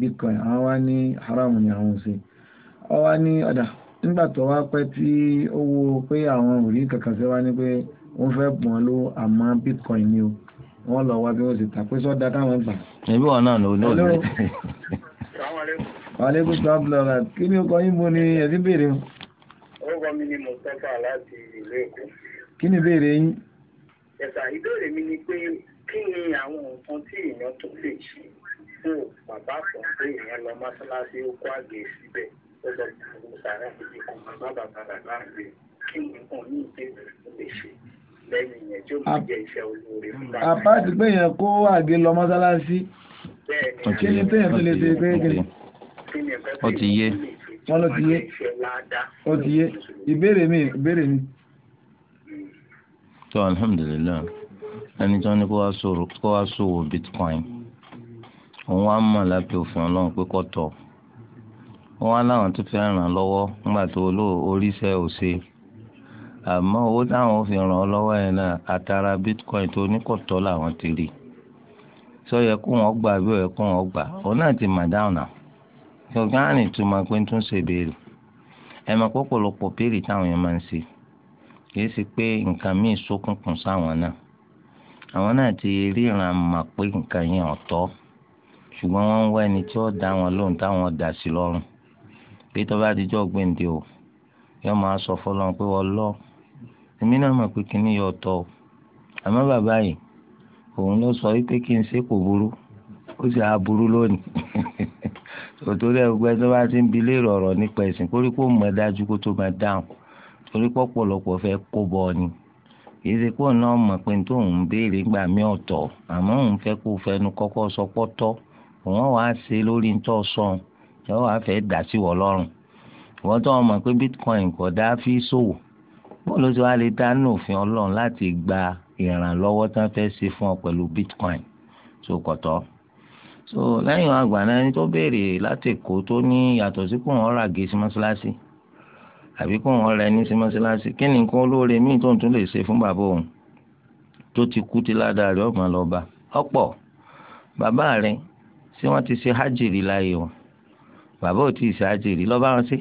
bitcoin àwọn wá ní haram ni àwọn ṣe wọ́n wá ní ọ̀dà nígbà tó wá pẹ́ tí ó wo pé àwọn ò rí kankan sí wá ní pé wọ́n fẹ́ pọ̀ ló àmọ́ bitcoin ni o wọ́n lọ wá bí wọ́n ṣe tà pé sọ́dá káwọn gbà. ẹbí wọn náà ló ló lè. wàlẹ́kùn sábàlá kí ni ọkọ yín mo ní ẹbí béèrè o. orúkọ mi ni Mustapha láti ìlú Èkó. kí ni ìbéèrè yín. ẹ̀sà ìbéèrè mi ni pé kí ni àwọn nǹkan tí èèyàn tó lè ṣe tó bàbá kan pé ìyẹn lọ mọ́ṣáláṣí ó kó àgbè síbẹ̀ ó lọ gbogbo sàrà ìdí kan bàbá bàbá bàbá àgbè kí nǹkan ní ìbéèrè tó lè ṣe lẹ́yìn yẹn tí ó máa ah, jẹ́ iṣẹ́ olóore fún bàbá. àbá ti pé yẹn kó àgbè lọ mọ́ṣáláṣí kí ni téèyàn tó lè ṣe pé kiri. ó ti yé wọ́n ló ti yé ó ti yé ìbéèrè mi ìbéèrè mi. tó alhamdulilayi ẹni tí wọ́n ní kó wá sòwò bitcoin. òun wá mọ̀ lábẹ́ òfin ọlọ́run pé kò tọ́ wọ́n wá láwọn tó fẹ́ ràn án lọ́wọ́ nígbà tó oríṣẹ́ òṣè àmọ́ owó táwọn fi ràn án lọ́wọ́ yẹn náà àtàrà bitcoin tó oníkọ̀tọ́ làwọn ti rí sọ yẹ kó wọn gbà bí ó yẹ kó wọn gbà òun náà ti mà dáhùn náà ṣùgbọ́n àrùn ìtumọ̀ pé ń tún ṣe béèrè ẹ béèrè táwọn yẹn máa ń ṣe kì í ṣe pé nǹkan míì sáwọn náà àwọn náà ti ríran mà pé nǹkan ṣùgbọ́n wọ́n ń wá ẹni tí ó dá wọn lóhùn táwọn dà sí lọ́rùn pé tó bá dijọ́ gbèǹde o yóò máa sọ fọlọ́n pé wọ́n lọ èmi náà mọ̀ pé kíní yóò tọ́ o àmọ́ bàbá yìí òun ló sọ wípé kí n ṣe kò burú ó sì á burú lónìí òtòrí ẹgbẹ́ tó bá ti ń bi léèrè ọ̀rọ̀ nípa ẹ̀sìn kórí kó mọ̀ dájú kó tó máa dáhùn torí pọ̀pọ̀lọpọ̀ fẹ́ kó bọ ni kì í náà mọ̀ pé tóun ń béèrè gbà mí ọ̀tọ̀ àmọ́ òun fẹ́ kó fẹnu kọ́kọ́ sọ pọ́tọ́ wọ́n wàá ṣe lórí ń tọ́ sọ̀n tí wọ́n wàá fẹ́ dà sí wọ́ lọ́rùn wọ́n tó wọn pé bitcoin kò dá fi ṣòwò bọ́ọ̀lù tí wàá lè dánú òfin ọlọ́run láti gba ìrànlọ́wọ́ tán fẹ́ ṣe fún ọ pẹ̀lú bitcoin tó kọ̀tọ́ so lẹ́yìn àgbà náà ẹni tó béèrè láti èkó tó ní yàtọ̀ sí kò wọ́n ràgé sí mọ́ṣáláṣí àbí kò wọ́n rẹ ní sí mọ́ṣáláṣí kí ni nǹkan olóore míì tó ń tún lè ṣe fún bàbá òun tó ti kú ti ládàá rẹ̀ ọ̀gbọ́n lọ́ba ọ̀pọ̀ bàbá rẹ̀ tí wọ́n ti ṣe hajj rí láàyè wọn bàbá ò tí ì ṣe hajj rí lọ bá wọn ṣe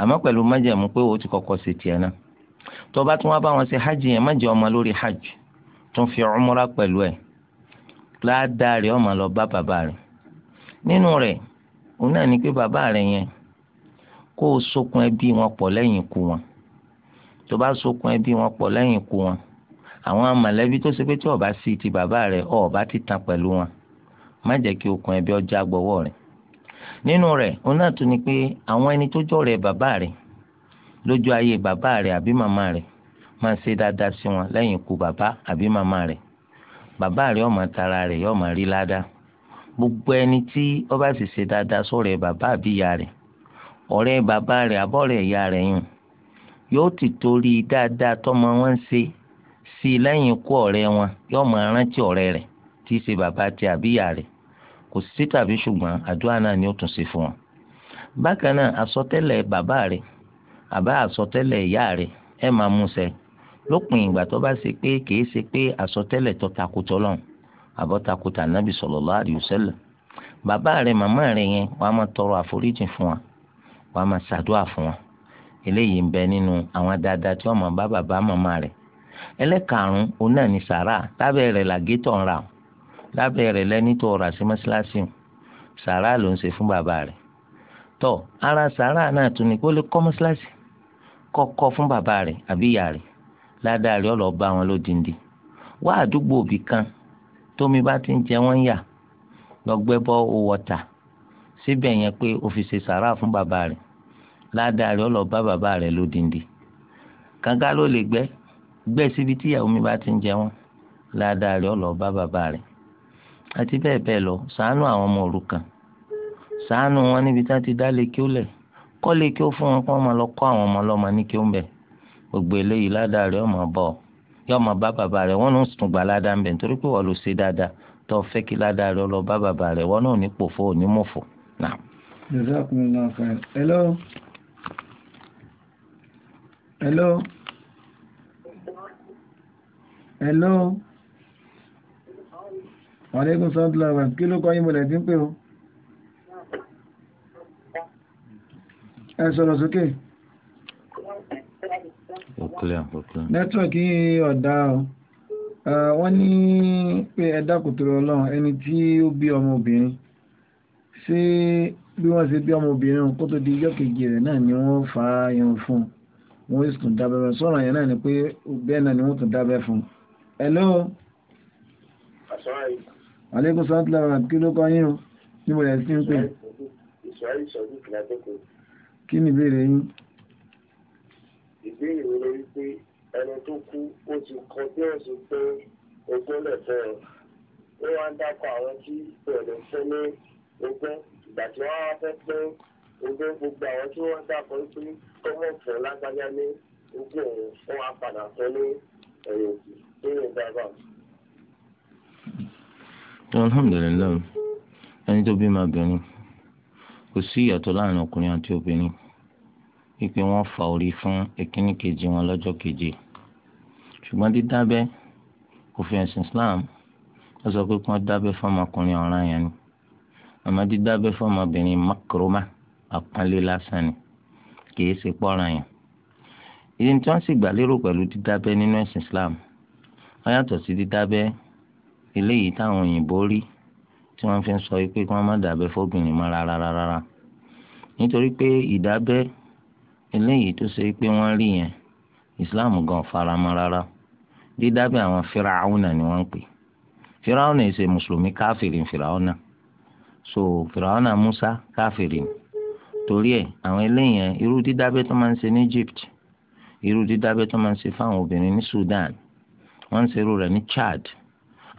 àmọ́ pẹ̀lú májẹ̀mú pé o ti kọ́kọ́ ṣe tiẹ̀ náà tó bá tún bá wọn ṣe hajj yẹn má ọmọ lórí hajj tún fi umra pẹ̀lú ẹ̀ ládàá rẹ̀ ọmọ lọ bá bàbá rẹ̀ nínú rẹ̀ òun náà ni pé bàbá rẹ̀ yẹn kó o sokun ẹbí wọn pọ̀ lẹ́yìn ikú wọn tó bá sokun ẹbí wọn pọ̀ lẹ́yìn ikú wọn àwọn mọ̀lẹ́bí tó ṣe pé tí ó sí ti bàbá rẹ̀ ó ti tán pẹ̀lú wọn má jẹ́ kí okùn ẹbí ọjà gbọ́wọ́ rẹ̀ nínú rẹ̀ òun náà tún ni pé àwọn ẹni tó jọ̀rẹ̀ bàbá rẹ̀ lójú ayé bàbá rẹ̀ àbí màmá rẹ̀ máa ṣe dáadáa sí wọn lẹ́yìn ikú bàbá àbí màmá rẹ̀ bàbá rẹ̀ ó máa tara rẹ̀ yóò máa rí ládàá gbogbo ẹni tí ó bá sì ṣe dáadáa sọ̀rọ̀ bàbá àbí ìyá rẹ̀ ọ̀rẹ́ bàbá rẹ̀ àbọ̀rẹ́ ìyá rẹ̀ yùn yóò ti torí dáadáa tọ́mọ wọn ṣe sí lẹ́yìn ikú ọ̀rẹ́ wọn yóò máa rántí ọ̀rẹ́ rẹ̀ tí ṣe bàbá àti àbí ìyá rẹ̀ kò sí tàbí ṣùgbọ́n àdúrà náà ni ó tún ṣe fún ọ. bákan náà àsọtẹ́lẹ̀ bàbá rẹ àbá àsọtẹ́lẹ̀ ìyá rẹ ẹ máa mú ṣẹ lópin ìgbà tó bá ṣe pé kìí ṣe pé àsọtẹ́lẹ̀ tó takùtọ lọhùn àbọ takùtà nàbì sallallahu alaihi wasallam bàbá rẹ màmá rẹ yẹn wàá máa tọrọ àforíjì fún wa wàá máa ṣàdúrà fún wa eléyìí ń bẹ nínú àwọn dáadáa tí wọn máa bá bàbá màmá rẹ ẹlẹ́karùn-ún òun náà ní sàrà tábẹ́ rẹ̀ làgé ń ra o lábẹ́ rẹ̀ lẹ́ni tó ọ̀rọ̀ àti mọ́ṣáláṣí sàrà ló ń ṣe fún bàbá rẹ̀ tó ara sàrà náà tún ni kó lè kọ́ mọ́ṣáláṣí kọ́kọ́ fún bàbá rẹ̀ àbí ìyá rẹ̀ ládàá rẹ̀ ọ̀lọ́ bá wọn lódindi wá àdúgbò òbí kan tómi bá ti ń jẹ wọ́n yà lọ́gbẹ́ bọ́ owó ọ̀tà síbẹ̀ yẹn pé o fi ṣe sàrà fún bàbá rẹ̀ ládàá rẹ̀ ọ̀lọ́ bá bàbá rẹ̀ lódindi kànga ló lè gbẹ́ gbẹ́ síbi tí ìyàwó mi bá ti ń jẹ wọ́n ládàá rẹ̀ bàbá rẹ̀ àti bẹ́ẹ̀ bẹ́ẹ̀ lọ ṣàánú àwọn ọmọ òrukàn ṣàánú wọn níbi tá a ti dá lékí ó lẹ̀ kọ́ lékí ó fún wọn kó wọn máa lọ kọ́ àwọn ọmọ ọlọ́mọ ní kí ó ń bẹ̀ gbogbo eléyìí ládàá rẹ̀ ọmọ bọ̀ yóò máa bá bàbá rẹ̀ wọ́n náà tún gbà ládàá ń bẹ̀ nítorí pé wọ́n ló ṣe dáadáa tó fẹ́ kí ládàá rẹ̀ lọ bá bàbá rẹ̀ wọ́n náà ní pòfo òní mòfo náà. hello Wàlékún sọ́ńtìlá wà kí ló kọ́ yín mọ̀lẹ̀ tí ń pè ó? Ẹ sọ̀rọ̀ sókè. Nẹ́tíwọ̀kì ọ̀dà o. Wọ́n ní pé ẹ̀dá kòtòrò ọlọ́run ẹni tí ó bí ọmọbìnrin. Ṣé bí wọ́n ṣe bí ọmọbìnrin kó tó di ijọ́ kejì rẹ̀ náà ni wọ́n fa irun fún un. Wọ́n sì tún dábẹ́ fún un. Sọ̀rọ̀ yẹn náà ni pé bẹ́ẹ̀ náà ni wọ́n tún dábẹ́ fún un. Hello. Àṣọ àyè alẹ́kùn sọ́tìlá rà kí ló kọ́ yín o níbo lẹ̀ sí ń pè. kí ni ìbéèrè yín. ìbéèrè rẹ wípé ẹni tó kú ó ti kọ bí ẹ̀sùn pé ogún lẹ̀ fẹ́ ọ ó wá ń dákọ̀ àwọn tí bẹ̀rẹ̀ fẹ́ ní ogún ìgbà tí wọ́n wá fẹ́ pé ogún gbogbo àwọn tí wọ́n dákọ̀ pé kọ́mọ̀ fún lágbájá ní ogún òun wọ́n wá padà ní ẹ̀yìn òkú tó yẹ dábàá alhamdulilayi ẹni tó bí máa bẹ̀rù kò sí ìyàtọ̀ láàrin ọkùnrin àti obìnrin wípé wọ́n fa orí fún ìkíní kejì wọn lọ́jọ́ keje ṣùgbọ́n dídábẹ́ òfin ẹ̀sìn Islam wọ́n sọ pé kí wọ́n dábẹ́ fọmọkùnrin ọ̀ràn yẹn ni àmọ́ dídábẹ́ fọmọbìnrin makroma àpọ́nlé lásán ni kìí ṣe pọ́nrán yẹn ìdí tí wọ́n sì gbà lérò pẹ̀lú dídábẹ́ nínú ẹ̀sìn Islam wọ́n yàtọ̀ sí dídábẹ́ eléyìí táwọn òyìnbó rí tí wọ́n fi ń sọ pé kí wọ́n má dàbẹ́ fóbìnrin mọ́ rárá rárá nítorí pé ìdábẹ́ eléyìí tó ṣe pé wọ́n rí yẹn islam gan fara mọ́ rárá dídábẹ́ àwọn firaahuna ni wọ́n ń pè firaahuna ṣe mùsùlùmí káfírin firaahuna so firaahuna musa káfírin torí ẹ̀ àwọn eléyìí irú dídábẹ́ tó máa ń ṣe ní egypt irú dídábẹ́ tó máa ń ṣe fáwọn obìnrin ní sudan wọ́n ń ṣerú rẹ̀ ní chad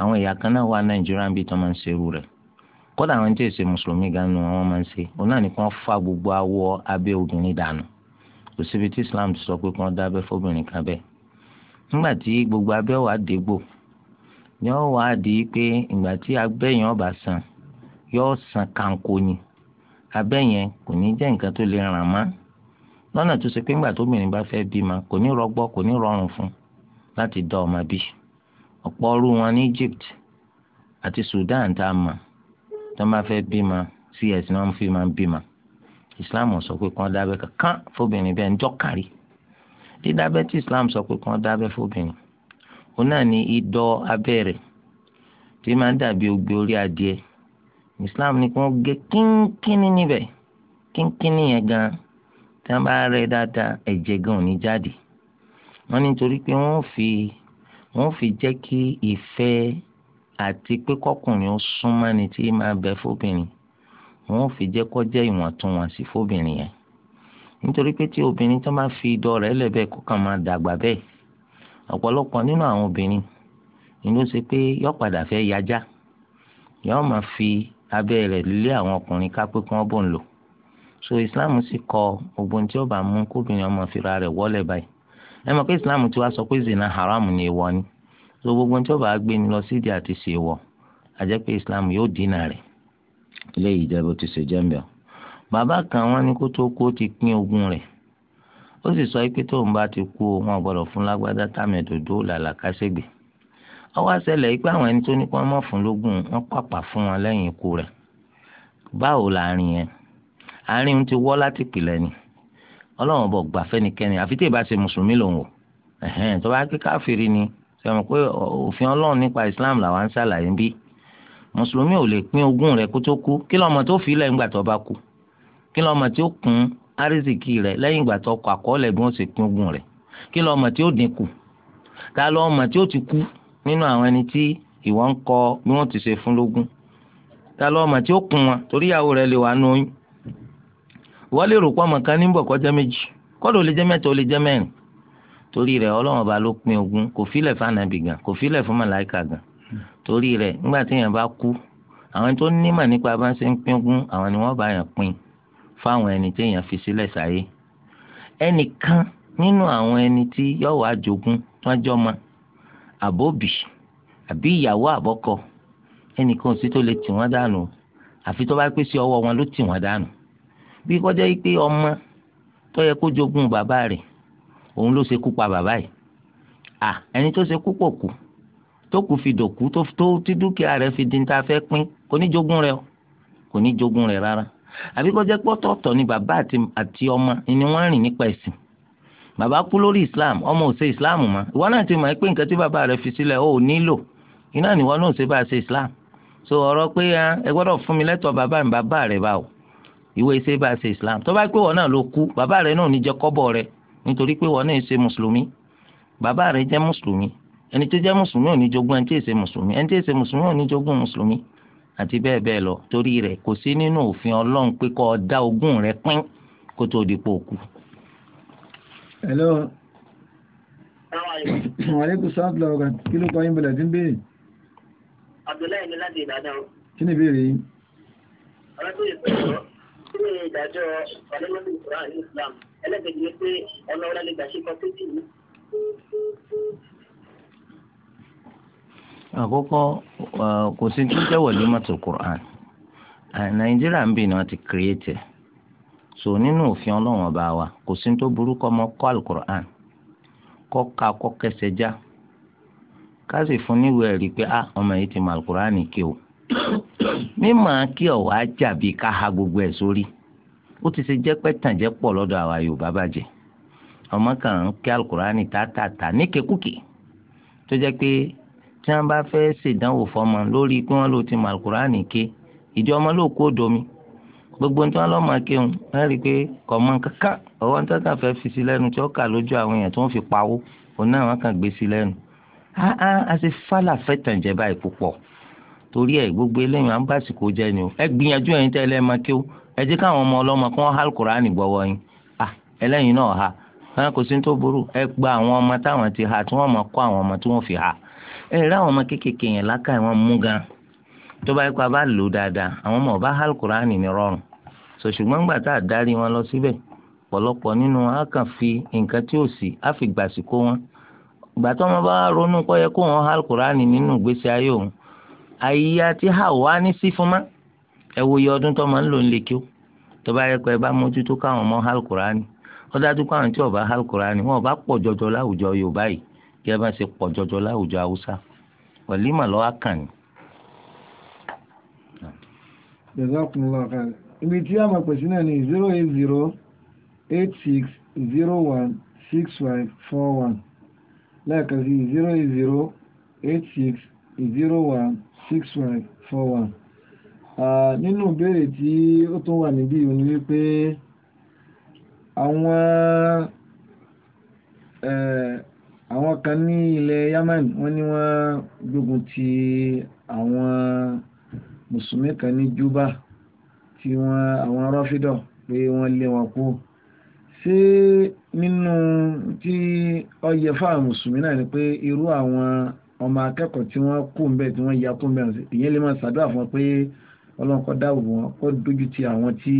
àwọn ẹ̀yà kan náà wà nàìjíríà bíi tó máa ń ṣerú rẹ̀ kódà àwọn tí èsè mùsùlùmí gan wọn máa ń ṣe òun náà ní kí wọ́n fa gbogbo awọ abẹ́ obìnrin dànù kò síbi islam ti sọ pé kí wọ́n fóbìnrin kan bẹ́ẹ̀ nígbà gbogbo abẹ́ wà dégbò yóò di pé ìgbà tí abẹ́ yẹn san kanko ni abẹ́ yẹn kò ní jẹ́ nǹkan tó lè ràn má lọ́nà tó ṣe pé ńgbà tóbìnrin bá fẹ́ bímọ kò ní rọgbọ kò ní rọrùn fún láti dá ọmọ ọ̀pọ̀ ọrú wọn ní Egypt àti Sudan tá a mọ̀ tó máa fẹ́ bímọ cs náà ń fi máa bímọ Islam sọ pé kàn dábẹ́ kankan fóbìnrin bẹ́ẹ̀ ń jọ́ kárí dídábẹ́ tí Islam sọ pé kàn dábẹ́ fóbìnrin òun náà ni idọ́ abẹ́rẹ́ tí máa ń dàbí ogbe orí adìẹ Islam ní kí wọ́n gé kínkínní níbẹ̀ kínkínní yẹn gan tí wọ́n bá rẹ dáadáa ẹ̀jẹ̀ gan ò ní jáde wọ́n nítorí pé wọ́n fi wọ́n fi jẹ́ kí ìfẹ́ àti pé ó súnmọ́ ni tí máa bẹ fóbìnrin wọ́n fi jẹ́ kó jẹ́ ìwọ̀ntúnwọ̀nsì fóbìnrin yẹn nítorí pé tí obìnrin tó máa fi idọ̀ rẹ̀ lẹ̀ bẹ́ẹ̀ kó kàn máa dàgbà bẹ́ẹ̀ ọ̀pọ̀lọpọ̀ nínú àwọn obìnrin ni ló ṣe pé yọ padà fẹ́ yájá yọ máa fi abẹ́ rẹ̀ lé àwọn ọkùnrin ká pé kí wọ́n bò ń lò so Islam sì kọ ogun tí ó bá mú kóbìnrin ọmọ fira rẹ̀ wọ́lẹ̀ báyìí ẹ mọ̀ pé islam ti wá sọ pé zina haram ni èèwọ̀ ni so gbogbo tí ó bá gbé ni lọ sídìí àti ṣe wọ àjẹ́ pé islam yóò dínà rẹ̀ eléyìí jẹ́ bó ti ṣe jẹ́ mbẹ́ bàbá kan wọ́n ní kó tó kú ó ti pín ogún rẹ̀ ó sì sọ pé tóun bá ti kú o wọn gbọ́dọ̀ fún lágbádá tàmẹ̀dòdó làlàkàṣègbè ọwọ́ àṣẹlẹ̀ yìí pé àwọn ẹni tó ní kó mọ̀ fún lógún wọn pàpà fún wọn lẹ́yìn ikú rẹ̀ báwo làárín yẹn àárín ti wọ́ láti pìlẹ̀ ni ọlọ́run bọ̀ gbà fẹ́nikẹ́ni àfi tí ìbá ṣe mùsùlùmí lòun o ẹ̀hẹ́n tó bá ké káfíìrì ni sẹ́wọ̀n pé òfin ọlọ́run nípa islam làwọn ń ṣàlàyé bí mùsùlùmí ò lè pín ogún rẹ̀ kó tó kú kí lọ́mọ tó fi lẹ́yìn ìgbà tó bá kú kí lọ́mọ tí ó kún árísìkì rẹ̀ lẹ́yìn ìgbà tó kọ àkọọ́lẹ̀ bí wọ́n ṣe pín ogún rẹ̀ kí lọ́mọ tí ó dínkù ta lọ́mọ tí ó ti kú nínú àwọn ẹni tí ìwọ ń kọ bí wọ́n ti ṣe fún lógún ta lọ́mọ tí ó kún wọn torí ìyàwó rẹ̀ lè wà nù wọ́n lè rò ọmọ kan ní bọ̀ kọjá méjì kọ́dọ̀ ó lè jẹ́ mẹ́ta ó lè jẹ́ mẹ́rin torí rẹ̀ ọlọ́run ọba ló pin ogun kò fílẹ̀ fún ànábì gan kò fílẹ̀ fún màláìka gan torí rẹ̀ nígbà tí èèyàn bá kú àwọn tó nímọ̀ nípa bá ń ń pin ogun àwọn ni wọ́n bá yàn pin fáwọn ẹni tí èèyàn fi sílẹ̀ sáyé kan nínú àwọn ẹni tí yọ̀wọ̀ bí kọjá yìí pé ọmọ tó yẹ kó jogún bàbá rẹ̀ òun ló ṣekú pa bàbá yìí à ẹni tó ṣekú pò kú tó kù fi dòkú tó tí dúkìá rẹ̀ fi di ta fẹ́ pín kò ní jogún rẹ̀ o kò ní jogún rẹ̀ rárá àbí kọjá pé ni bàbá àti ọmọ ni wọ́n rìn nípa ẹ̀sìn bàbá kú lórí islam ọmọ ò ṣe islam mọ́ ìwọ náà ti mọ̀ pé nǹkan tí bàbá rẹ̀ fi sílẹ̀ ó nílò iná ni ìwọ náà ṣe bá ṣe islam so ọ̀rọ̀ pé ah, ẹ gbọ́dọ̀ fún mi lẹ́tọ̀ọ́ bàbá mi bàbá rẹ̀ báwo ìwé iṣẹ́ bá ṣe islam tó bá pé wọn náà ló kú bàbá rẹ náà ní jẹ kọ́bọ̀ rẹ nítorí pé wọn náà ṣe mùsùlùmí bàbá rẹ jẹ́ mùsùlùmí ẹni tó jẹ́ mùsùlùmí ò ní jogún ẹni tí èsè mùsùlùmí ẹni tí èsè mùsùlùmí ò ní jogún mùsùlùmí àti bẹ́ẹ̀ bẹ́ẹ̀ lọ torí rẹ̀ kò sí nínú òfin ọlọ́run pé kó dá ogún rẹ pín kó tó di pò kú. hello maaleykum salaam tula ọkàn kí ló kọ yín bẹ̀rẹ̀ tí ń béèrè. abdullahi kí ni ìdájọ́ ìfàlẹ́lẹ́lẹ́ ìfura ní Islam ẹlẹ́gbẹ̀ẹ́ ni pé ọ̀nà ọ̀la lè gbà ṣe kọ́pẹ́tì yìí. àkọ́kọ́ uh, kò sí tó jẹ́ wọ̀límọ̀tò Qur'an uh, Nàìjíríà ń bì ni wọ́n ti kírètì so nínú òfin Ọlọ́run ọba wa kò sí tó burú kọ́ mọ́ kọ́ alukur'an kọ́ ka kọ́ kẹsẹ̀ já ká sì fún níwèé rí i pé ah, ọmọ yìí ti mọ alukur'an kí o mímọ̀ kí ọ̀wá jàbí ká ha gbogbo ẹ̀ sórí ó ti ṣe jẹ́ pé tàǹjẹ́ pọ̀ lọ́dọ̀ àwa Yorùbá bàjẹ́ ọmọ kan ń kí alukurani tààtàtà níkekúkè tó jẹ́ pé tí wọ́n bá fẹ́ ṣèdánwò fọmọ lórí pé wọ́n lò ti mọ alukurani ké ìdí ọmọ ló kó domi gbogbo ní tí wọ́n lọ́ máa kéwọn wọ́n rí i pé kọ̀mọ́ kankan ọwọ́ ní tí wọ́n kàn fẹ́ fi sí lẹ́nu tí wọ́n kà lójú àwọn èèyàn tí wọ́n fi pawó òun náà wọ́n kàn gbé sí lẹ́nu. a a a ṣe fálà fẹ́ tàǹjẹ́ báyìí púpọ̀ torí ẹ gbogbo eléyìí à ń jẹ ni o ẹ gbìyànjú ẹ̀yin tẹ ẹlẹ́ẹ̀ máa kí o ẹ jẹ́ káwọn ọmọ ọlọ́mọ kí wọ́n há gbọ́wọ́ yín à ẹlẹ́yìn náà ha wọn kò sí tó burú ẹ gba àwọn ọmọ táwọn ti ha tí wọ́n kọ́ àwọn ọmọ tí fi ha ẹ rí àwọn ọmọ kéékèèké yẹn lákà wọn mú gan tó bá ipa bá lò dáadáa ọmọ ọba ní sọ ṣùgbọ́n gbà tá a lọ síbẹ̀ pọ̀lọpọ̀ nínú wọn fi nǹkan tí ò sí á fi wọn gbà àyè àti ha ní sí fún ma ẹ wo iye ọdún tó máa ń lò ń lè kí ó tó bá yẹ pé ẹ bá mójútó káwọn ọmọ alukurani ó dájú pé tí ó alukurani wọn ò bá pọ̀ jọjọ láwùjọ Yorùbá yìí kí ẹ bá ṣe pọ̀ jọjọ láwùjọ Haúsá a máa náà ni zero eight six zero one six five four one lẹ́ẹ̀kan sí zero eight zero eight six zero one. 6141 nínú ìbéèrè tí ó tún wà níbí ni wípé àwọn àwọn kan ní ilẹ̀ Yemen wọ́n ní wọ́n gbógun ti àwọn mùsùlùmí kan ní Juba tí wọ́n àwọn rọ́fídọ̀ pé wọ́n lé wọn kú ṣé nínú tí ó yẹ fáwọn mùsùlùmí náà ni pé irú àwọn ọmọ akẹ́kọ̀ọ́ tí wọ́n kú ń bẹ̀ tí wọ́n ya kú ń bẹ̀ ìyẹn lè máa ṣàdúrà fún wọn pé ọlọ́run kó dáàbò wọn kó dójú ti àwọn tí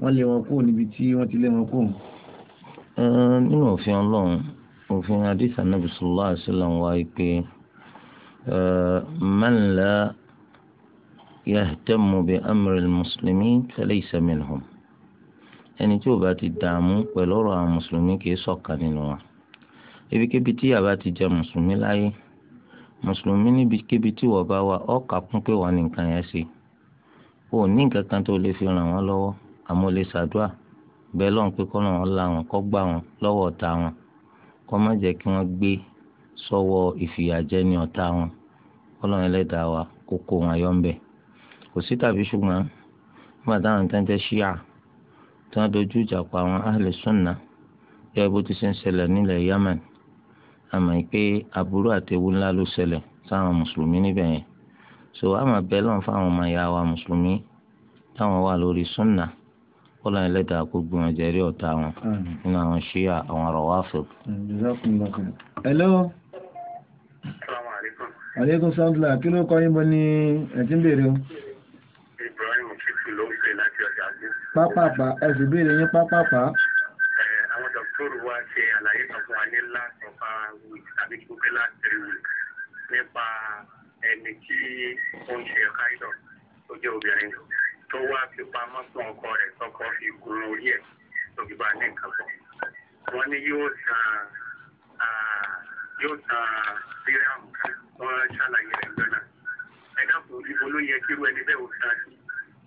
wọ́n lé wọn kú níbi tí wọ́n ti lé wọn kú. nínú òfin ọlọ́run òfin hadith anabi sallallahu alaihi wasallam wá pé man la yahtamu bi amri al-muslimin falaysa minhum ẹni tí ò bá ti dààmú pẹ̀lú ọ̀rọ̀ àwọn mùsùlùmí kì í ṣọ̀kan nínú wa ibikíbi tí yàrá ti jẹ mùsùlùmí láyé mùsùlùmí níbikíbi tí wọ́n bá wà ọ́ kún pé wọ́n ní nǹkan yẹn ṣe o ní nǹkan kan tó lè fi ràn wọ́n lọ́wọ́ àmọ́ lè ṣàdúrà bẹ́ẹ̀ lọ́n pé kọ́ lọ́n la wọn kọ́ gbà wọn lọ́wọ́ ọ̀tá wọn kọ́ má jẹ́ kí wọ́n gbé sọ́wọ́ ìfìyàjẹni ọ̀tá wọn Ọlọ́run ẹlẹ́dàá wa kó kó wọn yọ ńbẹ kò sí tàbí ṣùgbọ́n nígbà táwọn tán jẹ́ ṣíà tí wọ́n dojú ìjà pa àwọn ahlẹ̀ sunna yẹ bó ti ṣe ń ṣẹlẹ̀ nílẹ̀ Yemen àmọ́ pé aburú àti ewu ńlá ló ṣẹlẹ̀ sáwọn mùsùlùmí níbẹ̀ yẹn so àmọ́ bẹ́ẹ̀ lọ́n fáwọn ọmọ ìyá wa mùsùlùmí táwọn wà lórí súnà kọ́lá ẹlẹ́dàá kó gbìmọ̀ jẹ́rí ọ̀tá wọn nínú àwọn ṣíà àwọn rawafid. hello. aleykum sandra kí ló kọ́ yín bọ́ ní ẹ̀tí ń bèrè o. ibrahim fífi ló ń pè láti ọjà àgbẹ̀. pápápá ẹ sì béèrè yín pápápá dókítà wa ṣe àlàyé kan fún wa ní last of our week tàbí gbogbo last three weeks nípa ẹni tí ó ń ṣe káìdọ̀ tó jẹ́ obìnrin tó wá fi pamọ́ fún ọkọ rẹ̀ tọkọ fi gun orí ẹ̀ tóbi bá ní nǹkan pọ̀. wọ́n ní yóò san yóò san bíráàmù kan wọ́n ṣàlàyé rẹ̀ lọ́nà. ẹ dákun ibo ló ẹni bẹ́ẹ̀ ó san sí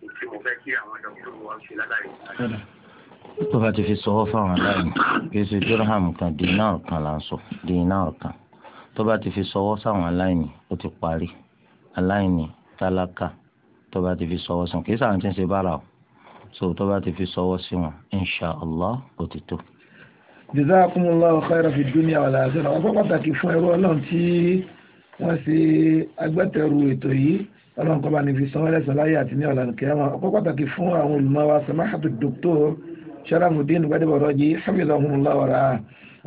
ìtì fẹ́ kí àwọn dọ̀kítà wa ṣe lálàyé tó bá ti fi sọwọ́ fáwọn aláìní kì í ṣe dúrọ́hàmù kan dínárù kan là ń sọ dínárù kan tó bá ti fi sọwọ́ sáwọn aláìní ó ti parí aláìní tálákà tó bá ti fi sọwọ́ sí wọn kì í sàwọn tí ń ṣe bára o so tó bá ti fi sọwọ́ sí wọn insha allah kò ti tó. jazakumullahu khairan fi dunya wal akhirah wọn fọ pàtàkì fún ẹrú Ọlọ́run tí wọn ṣe agbátẹrù ètò yìí Ọlọ́run kọba ní fi sanwó ẹlẹsàn láyé àti ní ọlànà kẹwọn ọkọ pàtàkì fún àwọn olùmọ̀ wa samahatu doctor Sharafuddin Gbadebo Raji hafizahumullah wa ra'ah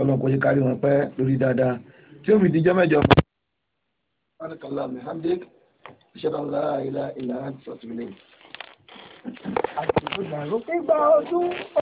ọlọ́kùnrin yìí kárí wọn pẹ́ lórí dáadáa tí ó fi dijọ́ mẹ́jọ. Ìgbà ọdún.